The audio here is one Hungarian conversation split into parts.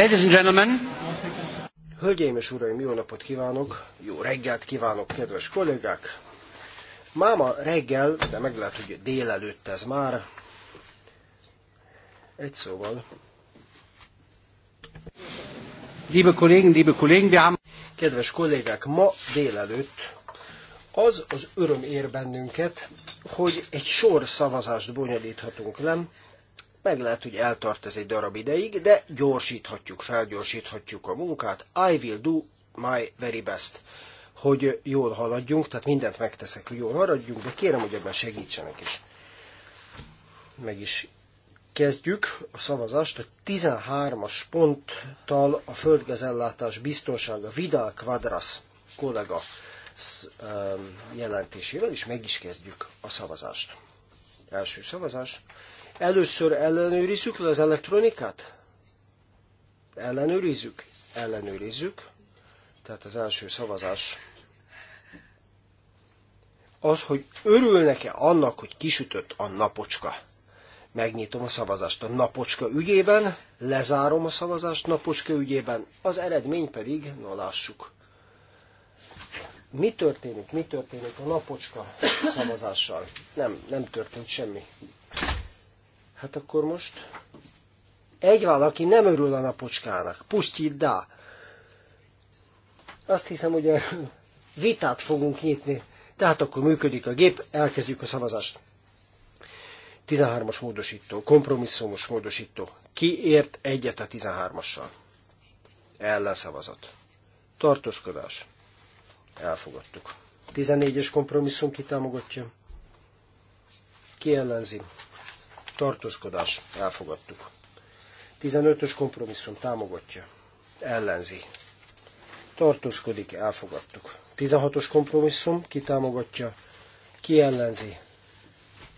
Ladies and gentlemen. Hölgyeim és uraim, jó napot kívánok, jó reggelt kívánok, kedves kollégák! Máma reggel, de meg lehet, hogy délelőtt ez már. Egy szóval. Liebe Kollegen, liebe Kollegen, wir haben... Kedves kollégák, ma délelőtt az az öröm ér bennünket, hogy egy sor szavazást bonyolíthatunk le, meg lehet, hogy eltart ez egy darab ideig, de gyorsíthatjuk, felgyorsíthatjuk a munkát. I will do my very best, hogy jól haladjunk, tehát mindent megteszek, hogy jól haladjunk, de kérem, hogy ebben segítsenek is. Meg is kezdjük a szavazást a 13-as ponttal a földgazellátás biztonsága Vidal Quadras kollega jelentésével, és meg is kezdjük a szavazást. Első szavazás Először ellenőrizzük le az elektronikát? Ellenőrizzük? Ellenőrizzük. Tehát az első szavazás az, hogy örülnek-e annak, hogy kisütött a napocska. Megnyitom a szavazást a napocska ügyében, lezárom a szavazást napocska ügyében, az eredmény pedig, na lássuk. Mi történik, mi történik a napocska szavazással? Nem, nem történt semmi. Hát akkor most egy valaki nem örül a napocskának. Pusztít dá. Azt hiszem, hogy vitát fogunk nyitni. Tehát akkor működik a gép, elkezdjük a szavazást. 13-as módosító, kompromisszumos módosító. Ki ért egyet a 13-assal? Ellenszavazat. Tartózkodás. Elfogadtuk. 14-es kompromisszum kitámogatja. Ki ellenzi? tartózkodás, elfogadtuk. 15-ös kompromisszum támogatja, ellenzi, tartózkodik, elfogadtuk. 16-os kompromisszum, ki támogatja, ki ellenzi,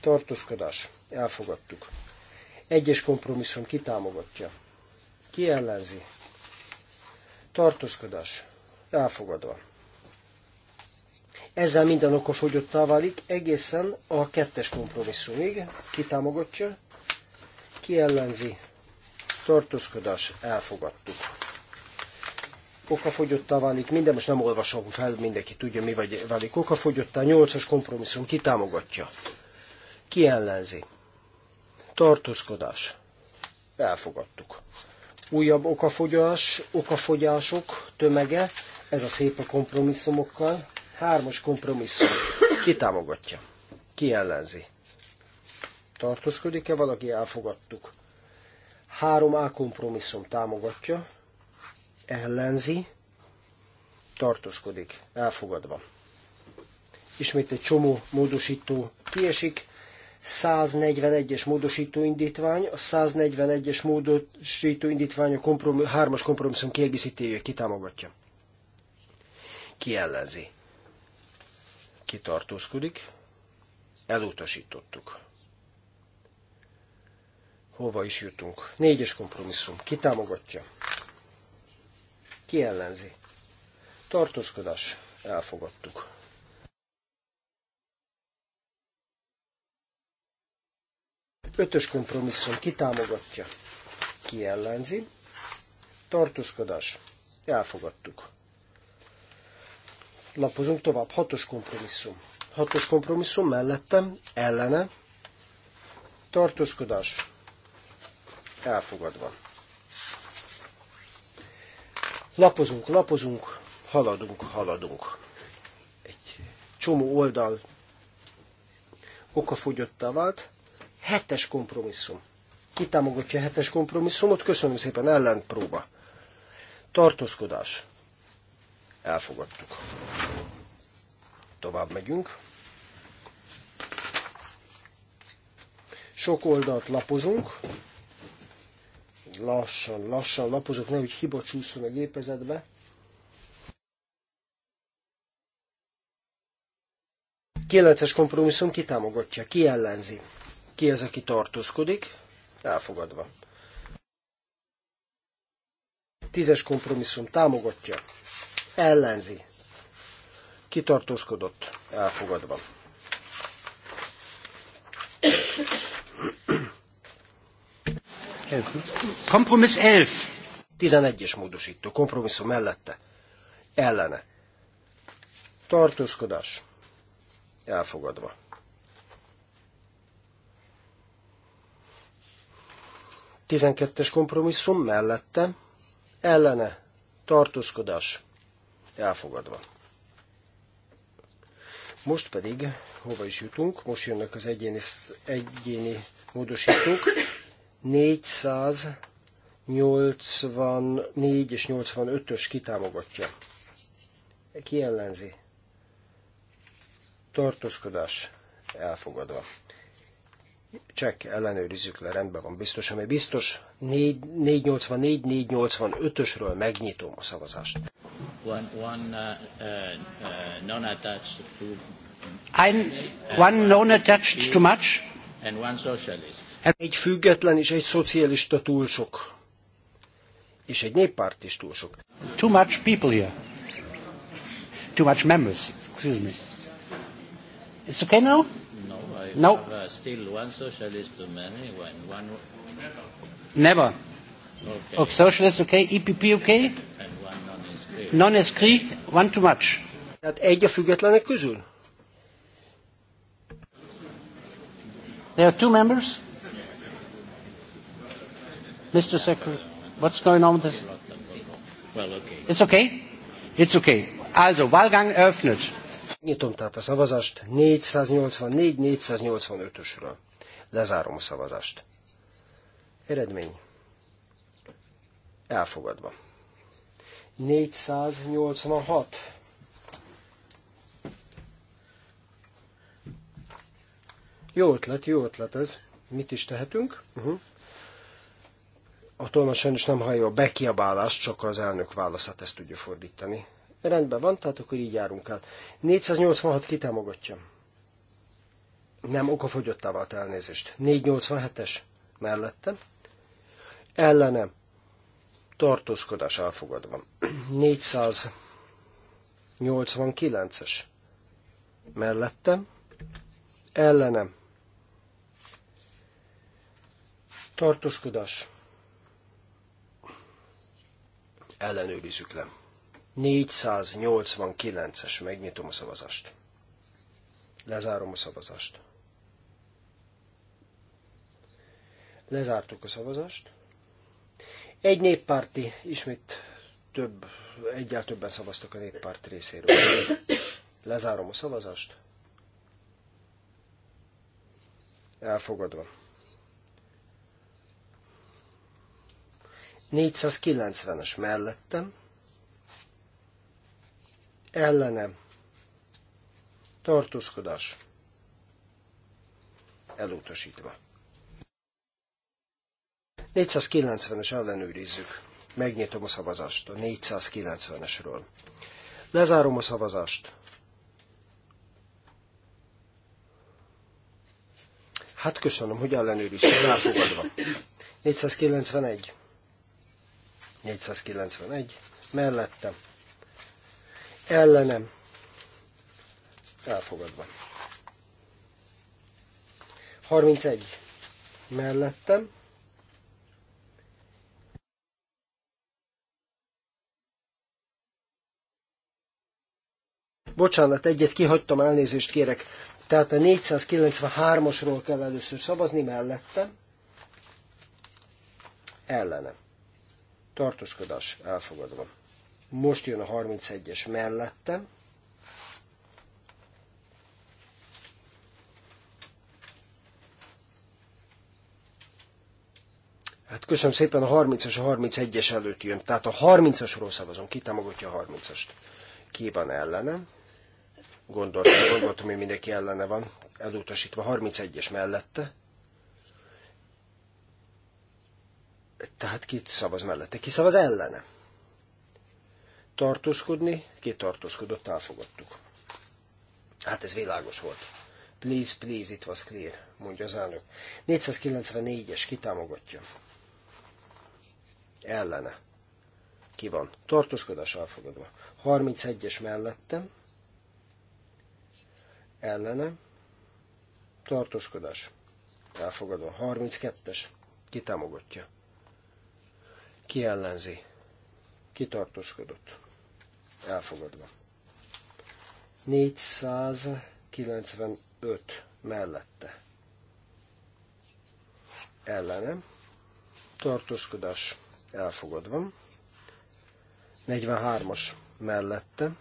tartózkodás, elfogadtuk. Egyes kompromisszum ki támogatja, ki ellenzi, tartózkodás, elfogadva. Ezzel minden fogyottá válik egészen a kettes kompromisszumig. Ki támogatja, ki ellenzi, tartózkodás, elfogadtuk. Okafogyottá válik minden, most nem olvasom fel, mindenki tudja, mi vagy válik okafogyottá, nyolcas kompromisszum, ki támogatja, ki ellenzi, tartózkodás, elfogadtuk. Újabb okafogyás, okafogyások tömege, ez a szép a kompromisszumokkal. Hármas kompromisszum. Ki támogatja? Ki ellenzi? Tartózkodik-e valaki? Elfogadtuk. 3A kompromisszum támogatja, ellenzi, tartózkodik, elfogadva. Ismét egy csomó módosító kiesik. 141-es módosító indítvány, a 141-es módosító indítvány a kompromis, hármas kompromisszum kiegészítője kitámogatja. Ki ellenzi? kitartózkodik, elutasítottuk. Hova is jutunk? Négyes kompromisszum. Ki támogatja? Ki ellenzi? Tartózkodás. Elfogadtuk. Ötös kompromisszum. Ki támogatja? Ki ellenzi? Tartózkodás. Elfogadtuk. Lapozunk tovább. Hatos kompromisszum. Hatos kompromisszum mellettem, ellene, tartózkodás elfogadva. Lapozunk, lapozunk, haladunk, haladunk. Egy csomó oldal okafogyottá vált. Hetes kompromisszum. Ki támogatja a hetes kompromisszumot? Köszönöm szépen, ellenpróba. Tartózkodás. Elfogadtuk. Tovább megyünk. Sok oldalt lapozunk. Lassan, lassan lapozok, nehogy hiba csúszson a gépezetbe. Kilences kompromisszum ki támogatja, ki ellenzi, ki az, aki tartózkodik, elfogadva. Tízes kompromisszum támogatja, ellenzi, kitartózkodott, elfogadva. Kompromiss 11. 11-es módosító, kompromisszum mellette, ellene. Tartózkodás, elfogadva. Tizenkettes kompromisszum mellette, ellene, tartózkodás, elfogadva. Most pedig hova is jutunk? Most jönnek az egyéni, egyéni módosítók. 484 és 85-ös kitámogatja. Ki ellenzi? Tartózkodás elfogadva. Csak ellenőrizzük le, rendben van, biztos, ami biztos. 484-485-ösről megnyitom a szavazást one, one uh, uh, uh, non-attached to... Ein, one non-attached too much? And one socialist. Egy független és egy szocialista túl sok. És egy néppárt is túl sok. Too much people here. Too much members. Excuse me. It's okay now? No, I no. have uh, still one socialist too many. One, one... Never. Okay. Okay, socialist e okay, EPP okay? Non-escrit, one too much. Tehát egy a függetlenek közül? There are two members. Mr. Secretary, what's going on with this? Well, okay. It's okay? It's okay. Also, Wahlgang eröffnet. Nyitom tehát a szavazást 484 485 ösre Lezárom a szavazást. Eredmény. Elfogadva. 486. Jó ötlet, jó ötlet ez. Mit is tehetünk? Uh-huh. A tolma sajnos nem hallja a bekiabálást, csak az elnök válaszát ezt tudja fordítani. Rendben van, tehát akkor így járunk el. 486 kitámogatja. Nem, okafogyottá vált elnézést. 487-es mellette. Ellenem tartózkodás elfogadva. 489-es mellettem, ellenem, tartózkodás, ellenőrizzük le. 489-es, megnyitom a szavazást. Lezárom a szavazást. Lezártuk a szavazást. Egy néppárti, ismét több, egyáltalán többen szavaztak a néppárt részéről. Lezárom a szavazást. Elfogadva. 490-es mellettem, ellenem, tartózkodás, elutasítva. 490-es ellenőrizzük. Megnyitom a szavazást a 490-esről. Lezárom a szavazást. Hát köszönöm, hogy ellenőrizzük. elfogadva. 491. 491. Mellettem. Ellenem. Elfogadva. 31. Mellettem. Bocsánat, egyet kihagytam, elnézést kérek. Tehát a 493-asról kell először szavazni, mellette. Ellene. Tartózkodás elfogadva. Most jön a 31-es mellette. Hát köszönöm szépen, a 30-as, a 31-es előtt jön. Tehát a 30-asról szavazom. ki támogatja a 30-ast. Ki van ellenem? Gondoltam, gondoltam, hogy mindenki ellene van. Elutasítva 31-es mellette. Tehát ki szavaz mellette? Ki szavaz ellene? Tartózkodni? Ki tartózkodott? Elfogadtuk. Hát ez világos volt. Please, please, it was clear, mondja az elnök. 494-es kitámogatja. Ellene. Ki van? Tartózkodás elfogadva. 31-es mellettem ellene, Tartoskodás. elfogadva. 32-es, ki támogatja, ki ellenzi, ki tartózkodott, elfogadva. 495 mellette, ellenem, Tartoskodás. elfogadva, 43-as mellette,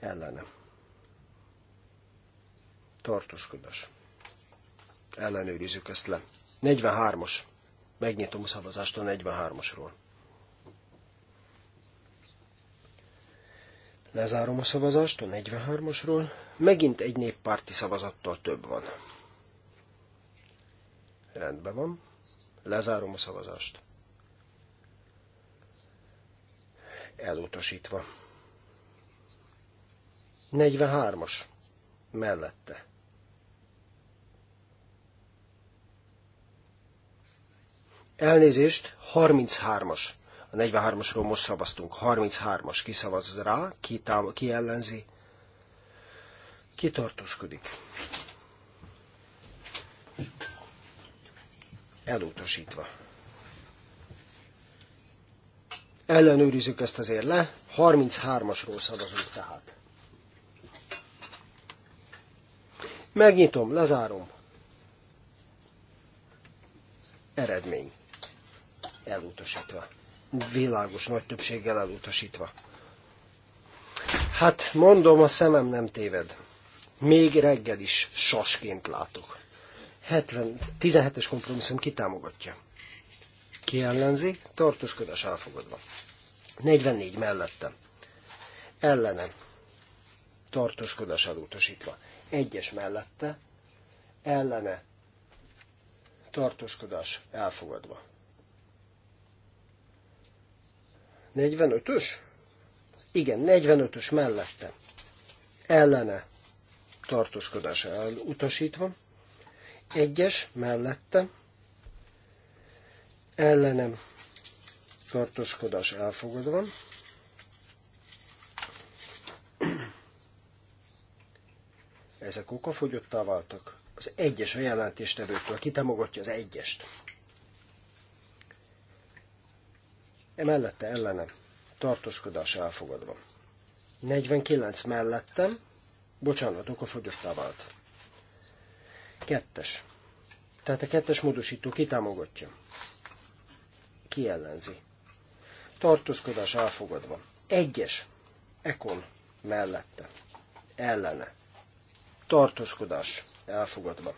ellene. Tartózkodás. Ellenőrizzük ezt le. 43 os Megnyitom a szavazást a 43 osról Lezárom a szavazást a 43 osról Megint egy néppárti szavazattal több van. Rendben van. Lezárom a szavazást. Elutasítva. 43-as mellette. Elnézést, 33-as. A 43-asról most szavaztunk. 33-as kiszavaz rá, ki, táv, ki ellenzi, ki tartózkodik. Elutasítva. Ellenőrizzük ezt azért le. 33-asról szavazunk tehát. Megnyitom, lezárom. Eredmény. Elutasítva. Világos nagy többséggel elutasítva. Hát mondom, a szemem nem téved. Még reggel is sasként látok. 70, 17-es kompromisszum kitámogatja. Ki ellenzi? Tartózkodás elfogadva. 44 mellettem. Ellenem. Tartózkodás elutasítva egyes mellette, ellene tartózkodás elfogadva. 45-ös? Igen, 45-ös mellette. Ellene tartózkodás elutasítva. Egyes mellette. Ellenem tartózkodás elfogadva. ezek okafogyottá váltak. Az egyes a jelentéstevőtől. Ki támogatja az egyest? Emellette ellenem. Tartózkodás elfogadva. 49 mellettem. Bocsánat, okafogyottá vált. Kettes. Tehát a kettes módosító ki támogatja? Ki ellenzi? Tartózkodás elfogadva. Egyes. Ekon mellette. Ellene tartózkodás elfogadva.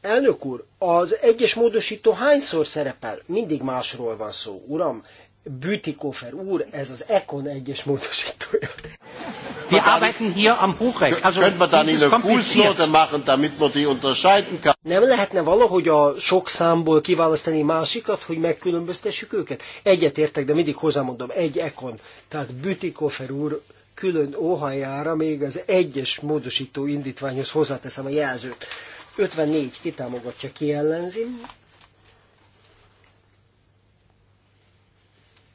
Elnök úr, az egyes módosító hányszor szerepel? Mindig másról van szó, uram. Bütikofer úr, ez az Econ egyes módosítója. Wir arbeiten hier am Buchrecht. Also können wir dann eine Fußnote machen, damit man die unterscheiden kann? Nem lehetne valahogy a sok számból kiválasztani másikat, hogy megkülönböztessük őket? Egyet értek, de mindig hozzámondom, egy Econ. Tehát Bütikofer úr külön óhajára még az egyes módosító indítványhoz hozzáteszem a jelzőt. 54 kitámogatja, ki ellenzi.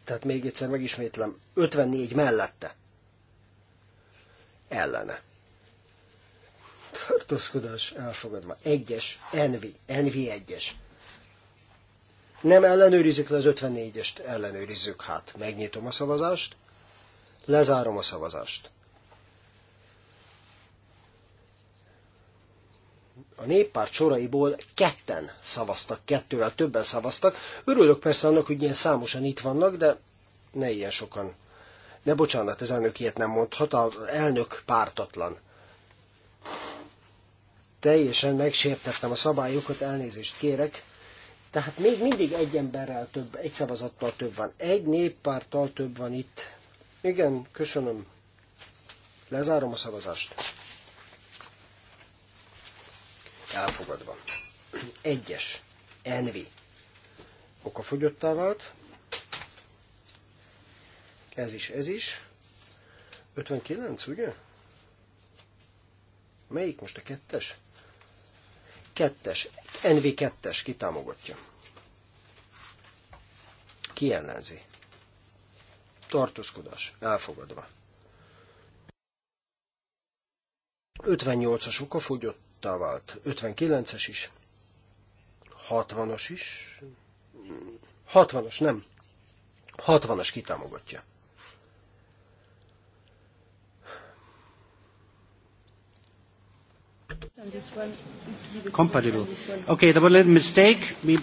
Tehát még egyszer megismétlem, 54 mellette. Ellene. Tartózkodás elfogadva. Egyes, envi, envi egyes. Nem ellenőrizzük le az 54-est, ellenőrizzük hát. Megnyitom a szavazást. Lezárom a szavazást. a néppárt soraiból ketten szavaztak, kettővel többen szavaztak. Örülök persze annak, hogy ilyen számosan itt vannak, de ne ilyen sokan. Ne bocsánat, az elnök ilyet nem mondhat, az elnök pártatlan. Teljesen megsértettem a szabályokat, elnézést kérek. Tehát még mindig egy emberrel több, egy szavazattal több van. Egy néppárttal több van itt, igen, köszönöm. Lezárom a szavazást. Elfogadva. Egyes. Envi. fogyottá vált. Ez is, ez is. 59, ugye? Melyik most a kettes? Kettes. NV kettes kitámogatja. Ki ellenzi? tartózkodás elfogadva. 58-as okafogyottá vált, 59-es is, 60-as is, 60-as nem, 60-as kitámogatja. Compatible. Okay, there was a mistake. We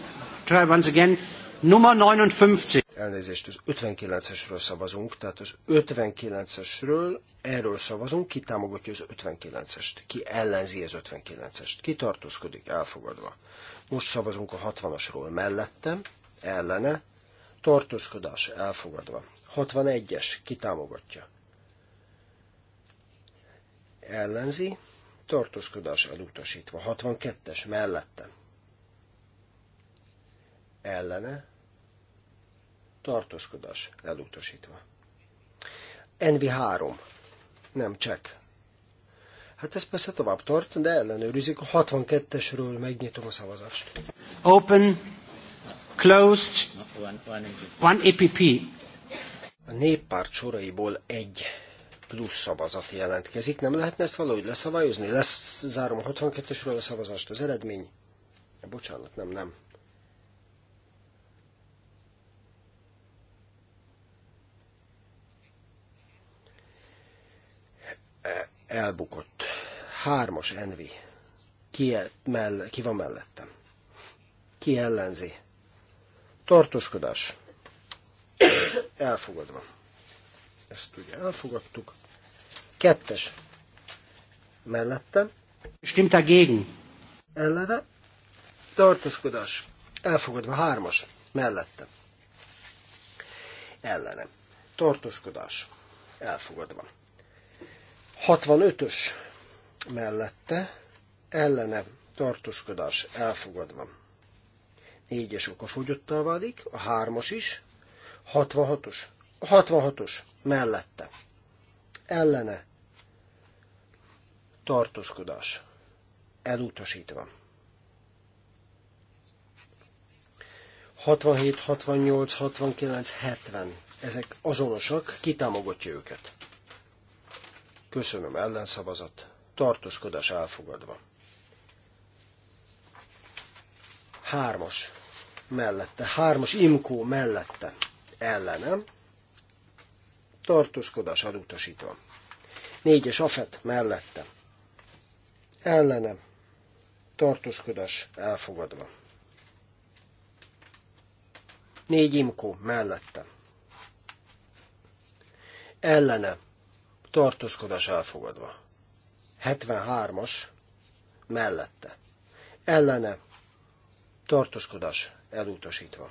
try once again. Nummer 59 elnézést, az 59-esről szavazunk, tehát az 59-esről erről szavazunk, ki támogatja az 59-est, ki ellenzi az 59-est, ki tartózkodik, elfogadva. Most szavazunk a 60-asról mellettem, ellene, tartózkodás, elfogadva. 61-es, ki támogatja, ellenzi, tartózkodás elutasítva. 62-es, mellettem, ellene, tartózkodás elutasítva. NV3, nem csek. Hát ez persze tovább tart, de ellenőrizik a 62-esről, megnyitom a szavazást. Open, closed, one EPP. A néppárt soraiból egy plusz szavazat jelentkezik. Nem lehetne ezt valahogy leszavályozni? Lesz, zárom a 62-esről a szavazást az eredmény. Bocsánat, nem, nem. elbukott. Hármas Envi. Ki, e- mell- ki van mellettem? Ki ellenzi? Tartózkodás. Elfogadva. Ezt ugye elfogadtuk. Kettes. Mellettem. Stimmt dagegen. Ellene. Tartózkodás. Elfogadva. Hármas. Mellettem. Ellenem. Tartózkodás. Elfogadva. 65-ös mellette ellene tartózkodás elfogadva. 4-es okafogyottá válik, a 3-as is, 66-os, 66-os mellette ellene tartózkodás elutasítva. 67, 68, 69, 70. Ezek azonosak, kitámogatja őket. Köszönöm ellenszavazat. Tartózkodás elfogadva. Hármas mellette, hármas imkó mellette ellenem. Tartózkodás elutasítva. Négyes afet mellette. Ellenem. Tartózkodás elfogadva. Négy imkó mellette. Ellene tartózkodás elfogadva. 73-as mellette. Ellene tartózkodás elutasítva.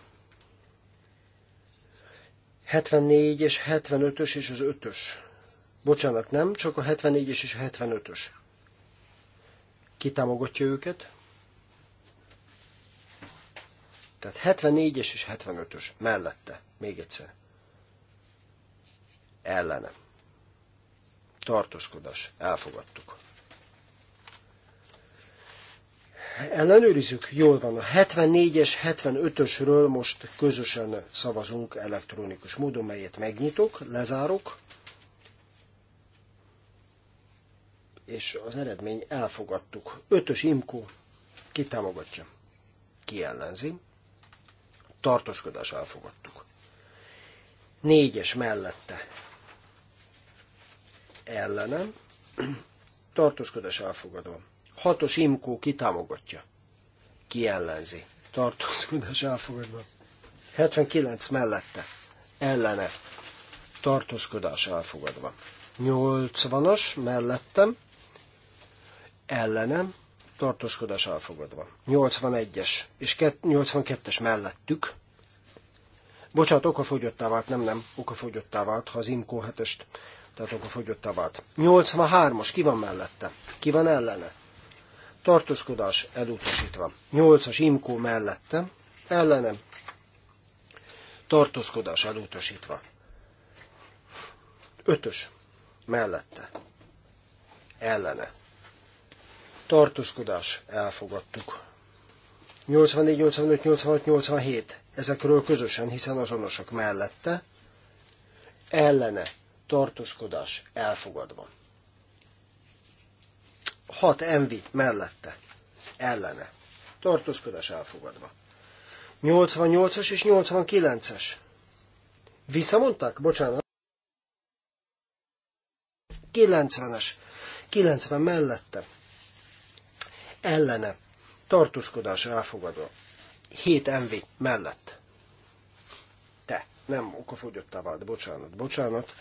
74 és 75-ös és az 5-ös. Bocsánat, nem, csak a 74-es és a 75-ös. Ki támogatja őket? Tehát 74-es és 75-ös mellette, még egyszer. Ellenem tartózkodás, elfogadtuk. Ellenőrizzük, jól van, a 74-es, 75-ösről most közösen szavazunk elektronikus módon, melyet megnyitok, lezárok, és az eredmény elfogadtuk. 5-ös Imkó, ki támogatja, ki ellenzi, tartózkodás elfogadtuk. 4-es mellette, ellenem, tartózkodás elfogadó. Hatos imkó kitámogatja, ki ellenzi, tartózkodás elfogadva. 79 mellette, ellene, tartózkodás elfogadva. 80-as mellettem, ellenem, tartózkodás elfogadva. 81-es és 82-es mellettük, bocsánat, okafogyottá vált, nem, nem, okafogyottá vált, ha az imkó 7-est tehát akkor fogyottá vált. 83-as, ki van mellette? Ki van ellene? Tartózkodás elutasítva. 8-as Imkó mellette, ellene. Tartózkodás elutasítva. 5-ös mellette, ellene. Tartózkodás elfogadtuk. 84, 85, 86, 87. Ezekről közösen, hiszen azonosak mellette, ellene tartózkodás elfogadva. 6 envi mellette, ellene, tartózkodás elfogadva. 88-as és 89-es. Visszamondták? Bocsánat. 90-es. 90 mellette. Ellene. Tartózkodás elfogadva. 7 MV mellett. Te. Nem okafogyottá vált. Bocsánat. Bocsánat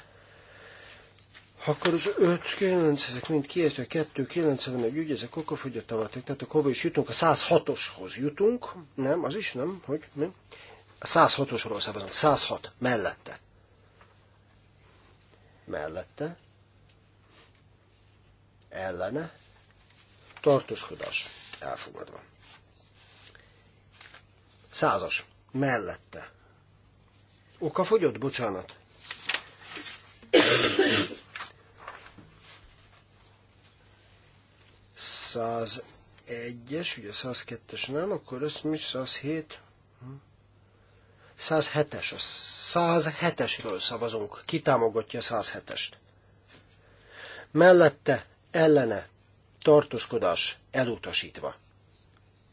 akkor az 5, 9, ezek mind kiért, a 2, 91 ügy, ezek akkor fogyott a váltak, tehát akkor is jutunk, a 106-oshoz jutunk, nem, az is nem, hogy nem. A 106-osról szavazunk, 106, mellette. Mellette. Ellene. Tartózkodás. Elfogadva. Százas. Mellette. Oka fogyott, bocsánat. 101-es, ugye 102-es nem, akkor ez mi 107? 107-es, hm? a 107-esről szavazunk. Ki támogatja a 107-est? Mellette, ellene, tartózkodás elutasítva.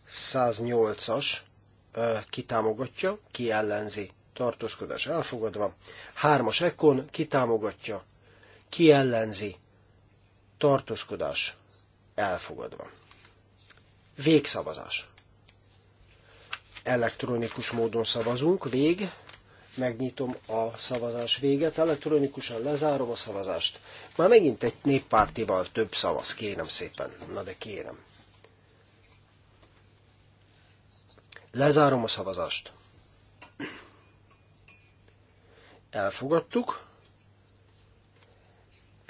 108-as, ki támogatja, ki ellenzi, tartózkodás elfogadva. 3-as ekkon, ki támogatja, ki ellenzi, tartózkodás Elfogadva. Végszavazás. Elektronikus módon szavazunk. Vég. Megnyitom a szavazás véget. Elektronikusan lezárom a szavazást. Már megint egy néppártival több szavaz. Kérem szépen. Na de kérem. Lezárom a szavazást. Elfogadtuk.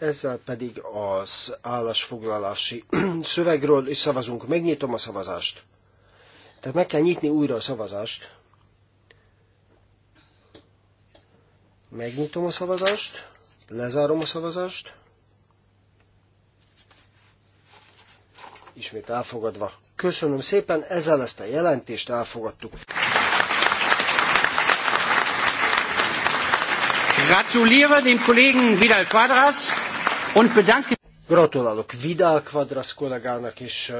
Ezzel pedig az állásfoglalási szövegről is szavazunk. Megnyitom a szavazást. Tehát meg kell nyitni újra a szavazást. Megnyitom a szavazást, lezárom a szavazást. Ismét elfogadva. Köszönöm szépen, ezzel ezt a jelentést elfogadtuk. Gratuliere dem Kollegen Vidal Quadras. Und bedanke Gratulálok Vidal Quadras kollégának, és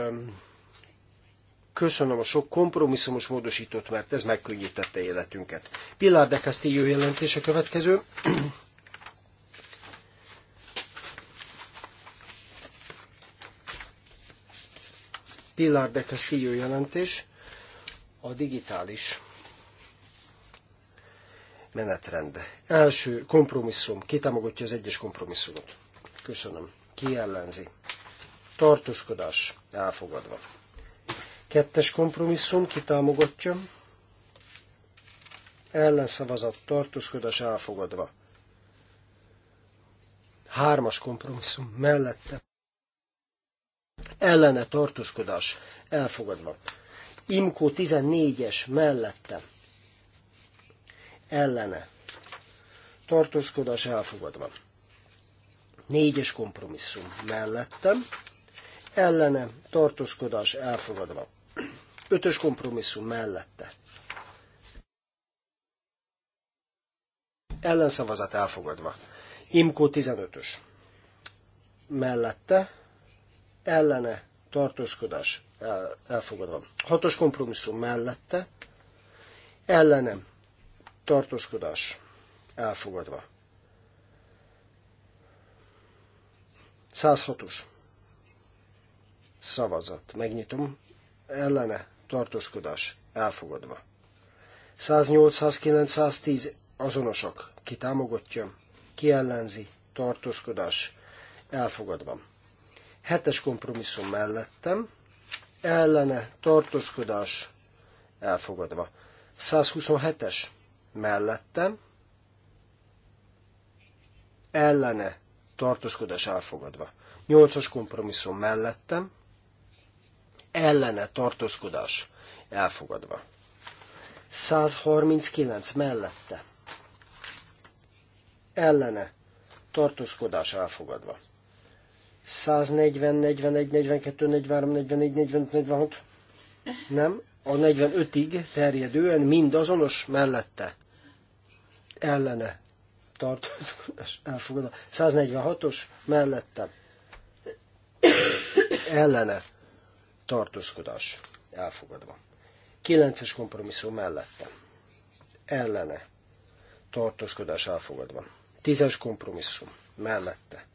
köszönöm a sok kompromisszumos módosítót, mert ez megkönnyítette életünket. Pilar de Castillo jelentése következő. Pilar de Castillo jelentés a digitális menetrend. Első kompromisszum, ki támogatja az egyes kompromisszumot? Köszönöm. Ki ellenzi? Tartózkodás. Elfogadva. Kettes kompromisszum. Ki támogatja? Ellenszavazat. Tartózkodás. Elfogadva. Hármas kompromisszum. Mellette. Ellene tartózkodás. Elfogadva. Imkó 14-es mellette. Ellene. Tartózkodás elfogadva. Négyes kompromisszum mellettem, ellene tartózkodás elfogadva. Ötös kompromisszum mellette. Ellenszavazat elfogadva. Imko 15-ös. Mellette, ellene, tartózkodás elfogadva. Hatos kompromisszum mellette, ellenem, tartózkodás elfogadva. 106-os. Szavazat. Megnyitom. Ellene. Tartózkodás. Elfogadva. 108, 109, 110 azonosak. Ki támogatja, ki ellenzi, tartózkodás elfogadva. Hetes kompromisszum mellettem, ellene tartózkodás elfogadva. 127-es mellettem, ellene tartózkodás elfogadva. Nyolcas kompromisszum mellettem, ellene tartózkodás elfogadva. 139 mellette, ellene tartózkodás elfogadva. 140, 41, 42, 43, 44, 45, 46, nem, a 45-ig terjedően mind azonos mellette ellene Tartozás, elfogadva. 146-os mellette ellene tartózkodás elfogadva. 9-es kompromisszum mellette ellene tartózkodás elfogadva. 10-es kompromisszum mellette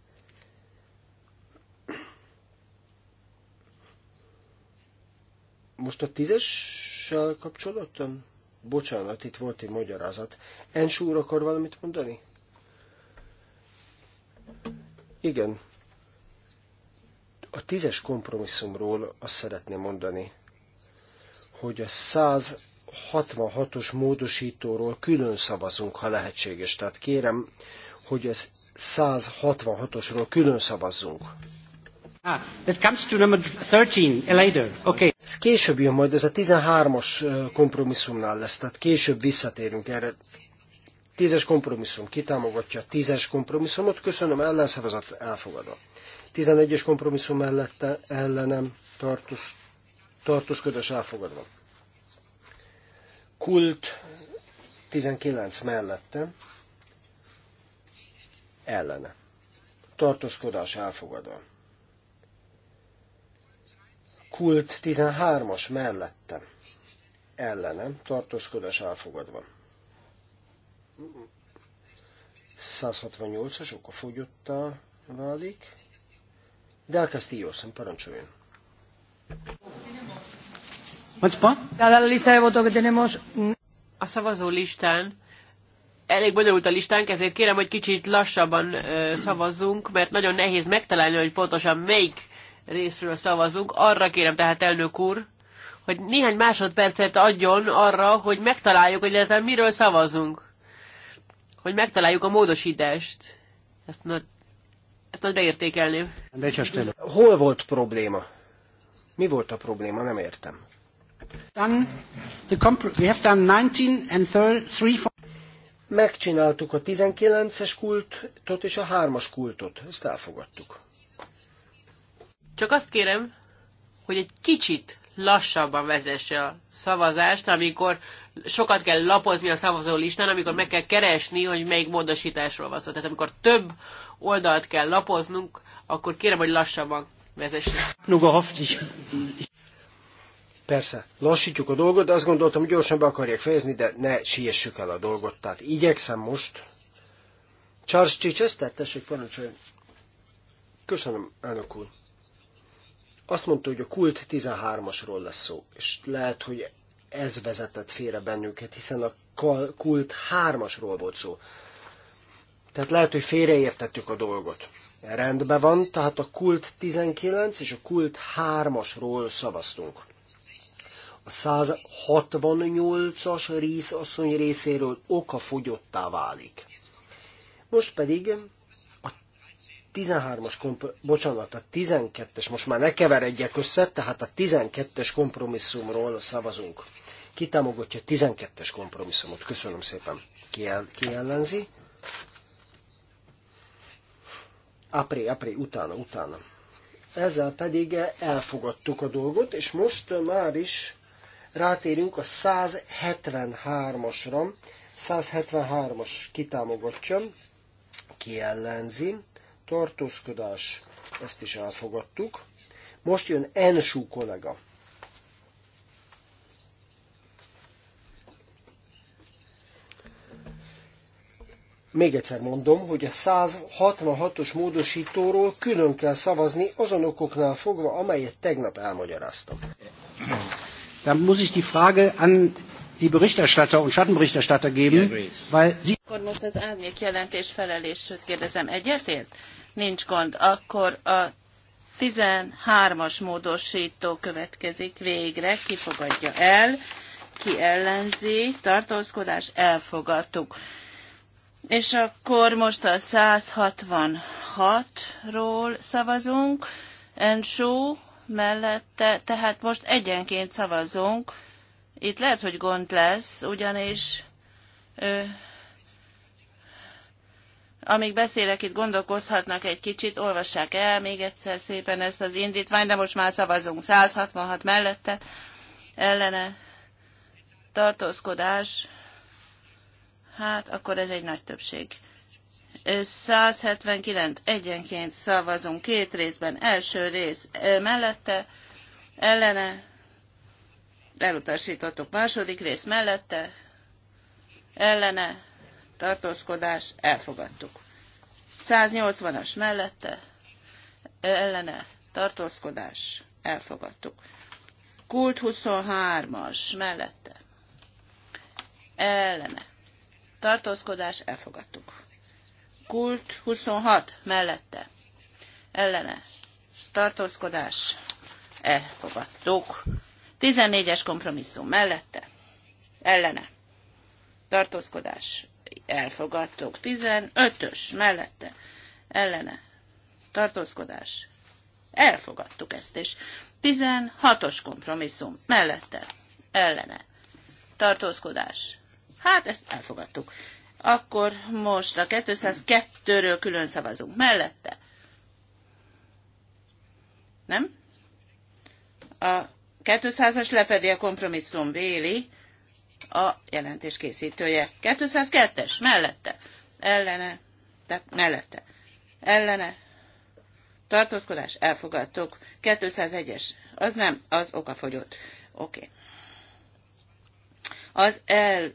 most a 10 tízessel kapcsolatban? Bocsánat, itt volt egy magyarázat. Ensúr akar valamit mondani? Igen. A tízes kompromisszumról azt szeretném mondani, hogy a 166-os módosítóról külön szavazunk, ha lehetséges. Tehát kérem, hogy az 166-osról külön szavazzunk. Ah, that comes to number 13 later. Okay. Ez később jön majd, ez a 13-as kompromisszumnál lesz, tehát később visszatérünk erre. Tízes kompromisszum kitámogatja a tízes kompromisszumot, köszönöm, ellenszavazat elfogadva. Tizenegyes kompromisszum mellette ellenem tartóz, tartózkodás elfogadva. Kult 19 mellette ellene. Tartózkodás elfogadva. Kult 13-as mellette ellenem, tartózkodás elfogadva. 168-as fogyottá válik. De elkezdti szem, parancsoljon. A szavazó listán elég bonyolult a listánk, ezért kérem, hogy kicsit lassabban ö, szavazzunk, mert nagyon nehéz megtalálni, hogy pontosan melyik részről szavazunk. Arra kérem tehát elnök úr, hogy néhány másodpercet adjon arra, hogy megtaláljuk, hogy lehet, miről szavazunk hogy megtaláljuk a módosítást. Ezt, na, ezt nagyra értékelném. Hol volt probléma? Mi volt a probléma? Nem értem. Megcsináltuk a 19-es kultot és a 3-as kultot. Ezt elfogadtuk. Csak azt kérem, hogy egy kicsit lassabban vezesse a szavazást, amikor sokat kell lapozni a szavazó listán, amikor meg kell keresni, hogy melyik módosításról van szó. Tehát amikor több oldalt kell lapoznunk, akkor kérem, hogy lassabban vezessünk. Persze, lassítjuk a dolgot, de azt gondoltam, hogy gyorsan be akarják fejezni, de ne siessük el a dolgot. Tehát igyekszem most. Charles Chichester, tessék, parancsoljon. Köszönöm, elnök úr. Azt mondta, hogy a kult 13-asról lesz szó, és lehet, hogy ez vezetett félre bennünket, hiszen a kult hármasról volt szó. Tehát lehet, hogy félreértettük a dolgot. Rendben van, tehát a kult 19 és a kult 3-asról szavaztunk. A 168-as rész asszony részéről oka fogyottá válik. Most pedig a 13-as kompro- bocsánat, a 12-es, most már ne keveredjek össze, tehát a 12-es kompromisszumról szavazunk kitámogatja támogatja 12-es kompromisszumot? Köszönöm szépen. Ki, el, ki ellenzi? Apré, apré, utána, utána. Ezzel pedig elfogadtuk a dolgot, és most már is rátérünk a 173-asra. 173-as kitámogatja, ki ellenzi, tartózkodás, ezt is elfogadtuk. Most jön Ensú kollega Még egyszer mondom, hogy a 166-os módosítóról külön kell szavazni azon okoknál fogva, amelyet tegnap elmagyaráztam. Dann muss ich die Frage an die Berichterstatter und Schattenberichterstatter geben, weil Sie... Akkor most az árnyék jelentés kérdezem. Egyetért? Nincs gond. Akkor a 13-as módosító következik végre. Ki fogadja el? Ki ellenzi? Tartózkodás? Elfogadtuk. És akkor most a 166-ról szavazunk, Ensó mellette, tehát most egyenként szavazunk. Itt lehet, hogy gond lesz, ugyanis ö, amíg beszélek, itt gondolkozhatnak egy kicsit, olvassák el még egyszer szépen ezt az indítványt, de most már szavazunk 166 mellette, ellene tartózkodás Hát akkor ez egy nagy többség. 179 egyenként szavazunk két részben. Első rész mellette, ellene, elutasítottuk második rész mellette, ellene, tartózkodás, elfogadtuk. 180-as mellette, ellene, tartózkodás, elfogadtuk. Kult 23-as mellette, ellene, tartózkodás, elfogadtuk. Kult 26 mellette, ellene, tartózkodás, elfogadtuk. 14-es kompromisszum mellette, ellene, tartózkodás, elfogadtuk. 15-ös mellette, ellene, tartózkodás, elfogadtuk ezt is. 16-os kompromisszum mellette, ellene, tartózkodás, Hát ezt elfogadtuk. Akkor most a 202-ről külön szavazunk. Mellette. Nem? A 200-as lefedi a kompromisszum véli a jelentés készítője. 202-es mellette. Ellene. Tehát mellette. Ellene. Tartózkodás elfogadtuk. 201-es. Az nem, az okafogyott. Oké. Okay az el,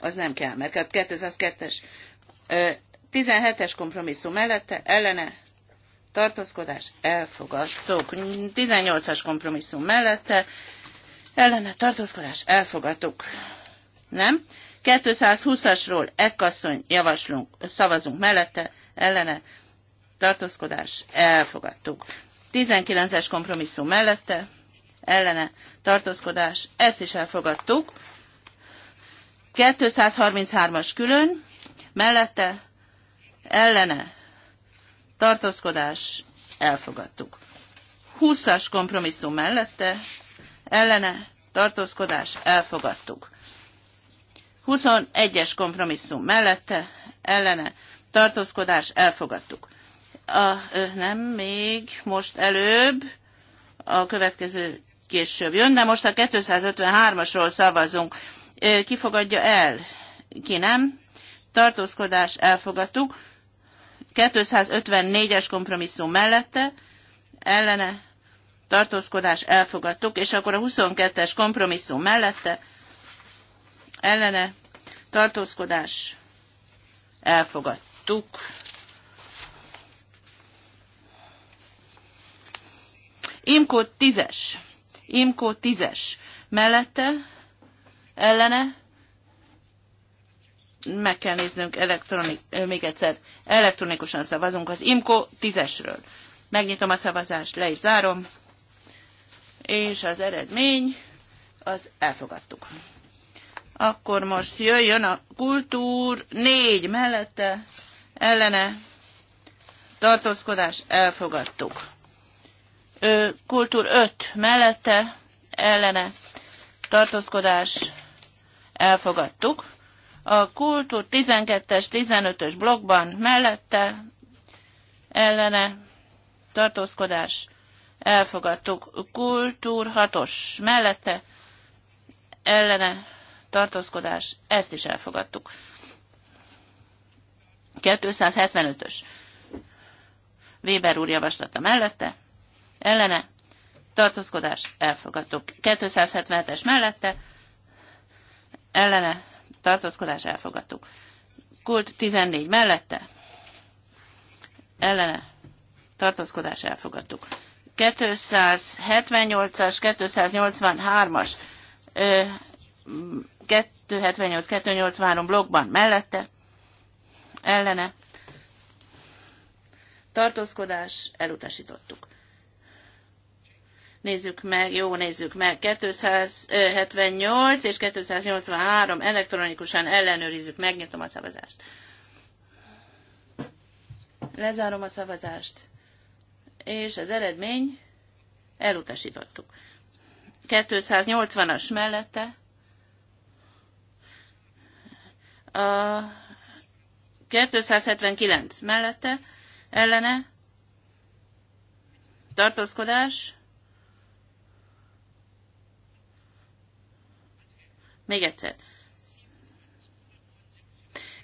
az nem kell, mert 2002 es 17-es kompromisszum mellette ellene tartózkodás elfogadtuk. 18-as kompromisszum mellette ellene tartózkodás elfogadtuk. Nem? 220-asról ekkasszony javaslunk, szavazunk mellette, ellene tartózkodás elfogadtuk. 19-es kompromisszum mellette, ellene tartózkodás, ezt is elfogadtuk. 233-as külön, mellette ellene tartózkodás elfogadtuk. 20-as kompromisszum mellette ellene tartózkodás elfogadtuk. 21-es kompromisszum mellette ellene tartózkodás elfogadtuk. A, nem, még most előbb a következő később jön, de most a 253-asról szavazunk ki fogadja el, ki nem, tartózkodás elfogadtuk, 254-es kompromisszum mellette, ellene, tartózkodás elfogadtuk, és akkor a 22-es kompromisszum mellette, ellene, tartózkodás elfogadtuk. Imkó 10-es. Imkó 10-es. Mellette ellene. Meg kell néznünk elektronik, még egyszer, elektronikusan szavazunk az IMCO 10-esről. Megnyitom a szavazást, le is zárom, és az eredmény az elfogadtuk. Akkor most jöjjön a kultúr négy mellette, ellene, tartózkodás, elfogadtuk. kultúr öt mellette, ellene, tartózkodás, elfogadtuk. A kultúr 12-es, 15-ös blokkban mellette ellene tartózkodás elfogadtuk. Kultúr 6-os mellette ellene tartózkodás, ezt is elfogadtuk. 275-ös. Weber úr javaslata mellette, ellene, tartózkodás, elfogadtuk. 277-es mellette, ellene tartózkodás elfogadtuk. Kult 14 mellette ellene tartózkodás elfogadtuk. 278-as, 283-as, 278-283 blokkban mellette, ellene, tartózkodás, elutasítottuk. Nézzük meg, jó, nézzük meg. 278 és 283 elektronikusan ellenőrizzük, megnyitom a szavazást. Lezárom a szavazást. És az eredmény elutasítottuk. 280-as mellette a 279 mellette ellene tartózkodás Még egyszer.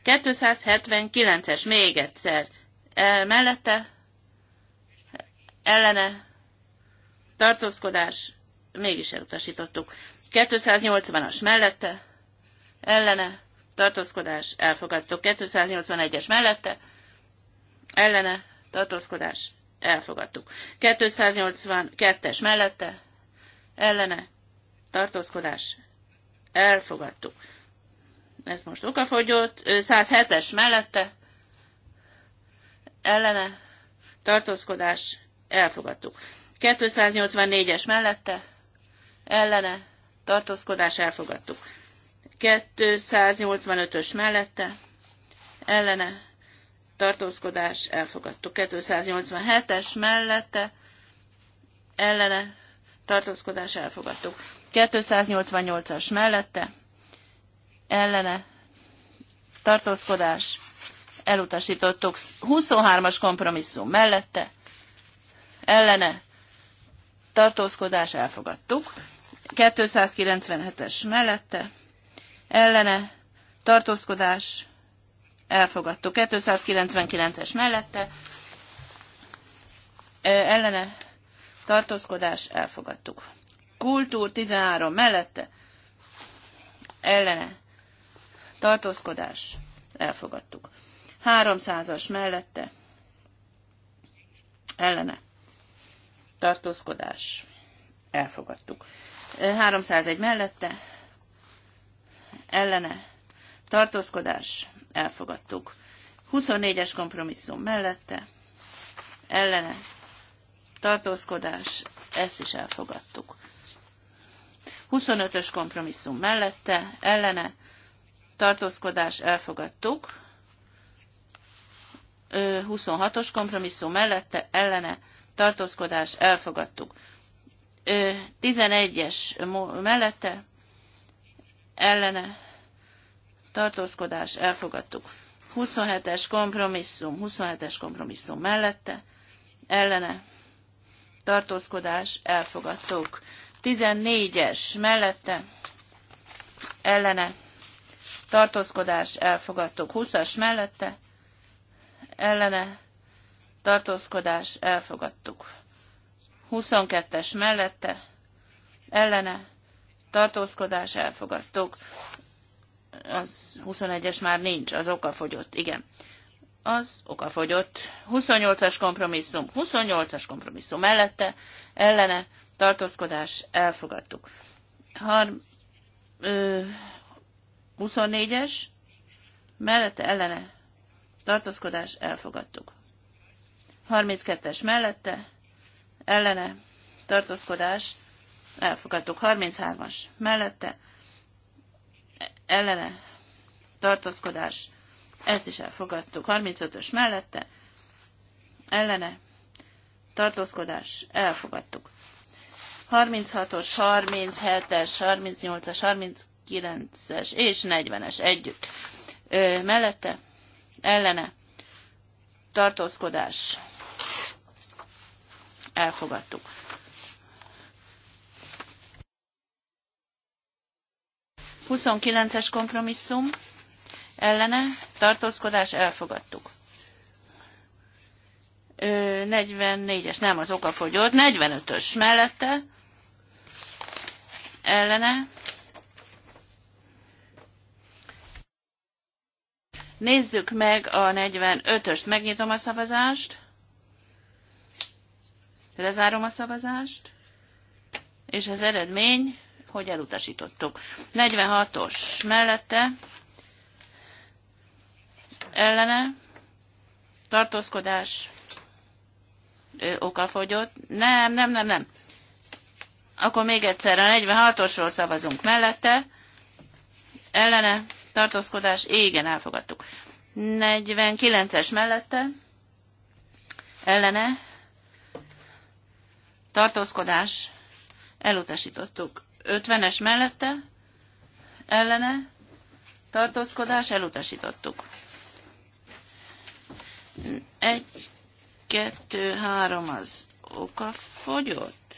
279-es, még egyszer. E, mellette, ellene, tartózkodás, mégis elutasítottuk. 280-as mellette, ellene, tartózkodás, elfogadtuk. 281-es mellette, ellene, tartózkodás, elfogadtuk. 282-es mellette, ellene, tartózkodás, Elfogadtuk. Ez most okafogyott. 107-es mellette. Ellene. Tartózkodás. Elfogadtuk. 284-es mellette. Ellene. Tartózkodás. Elfogadtuk. 285-ös mellette. Ellene. Tartózkodás. Elfogadtuk. 287-es mellette. Ellene. Tartózkodás. Elfogadtuk. 288-as mellette ellene tartózkodás elutasítottuk. 23-as kompromisszum mellette ellene tartózkodás elfogadtuk. 297-es mellette ellene tartózkodás elfogadtuk. 299-es mellette ellene tartózkodás elfogadtuk. Kultúr 13 mellette ellene tartózkodás elfogadtuk. 300-as mellette ellene tartózkodás elfogadtuk. 301 mellette ellene tartózkodás elfogadtuk. 24-es kompromisszum mellette ellene tartózkodás, ezt is elfogadtuk. 25-ös kompromisszum mellette, ellene, tartózkodás elfogadtuk. 26-os kompromisszum mellette, ellene, tartózkodás elfogadtuk. 11-es mellette, ellene, tartózkodás elfogadtuk. 27-es kompromisszum, 27-es kompromisszum mellette, ellene, tartózkodás elfogadtuk. 14-es mellette ellene tartózkodás elfogadtuk. 20-as mellette ellene tartózkodás elfogadtuk. 22-es mellette ellene tartózkodás elfogadtuk. Az 21-es már nincs, az fogyott, igen. Az okafogyott. 28-as kompromisszum, 28-as kompromisszum mellette ellene tartózkodás, elfogadtuk. Har, ö, 24-es, mellette ellene, tartózkodás, elfogadtuk. 32-es mellette, ellene, tartózkodás, elfogadtuk. 33-as mellette, ellene, tartózkodás, ezt is elfogadtuk. 35-ös mellette, ellene, tartózkodás, elfogadtuk. 36-os, 37-es, 38-as, 39-es és 40-es együtt. Ö, mellette ellene tartózkodás. Elfogadtuk. Huszonkilences kompromisszum ellene tartózkodás elfogadtuk. 44-es, nem az okafogyott, 45-ös mellette ellene. Nézzük meg a 45-öst. Megnyitom a szavazást. Lezárom a szavazást. És az eredmény, hogy elutasítottuk. 46-os mellette. Ellene. Tartózkodás. Ő okafogyott. Nem, nem, nem, nem. Akkor még egyszer a 46-osról szavazunk mellette. Ellene tartózkodás. Igen, elfogadtuk. 49-es mellette. Ellene tartózkodás. Elutasítottuk. 50-es mellette. Ellene tartózkodás. Elutasítottuk. Egy, kettő, három az oka fogyott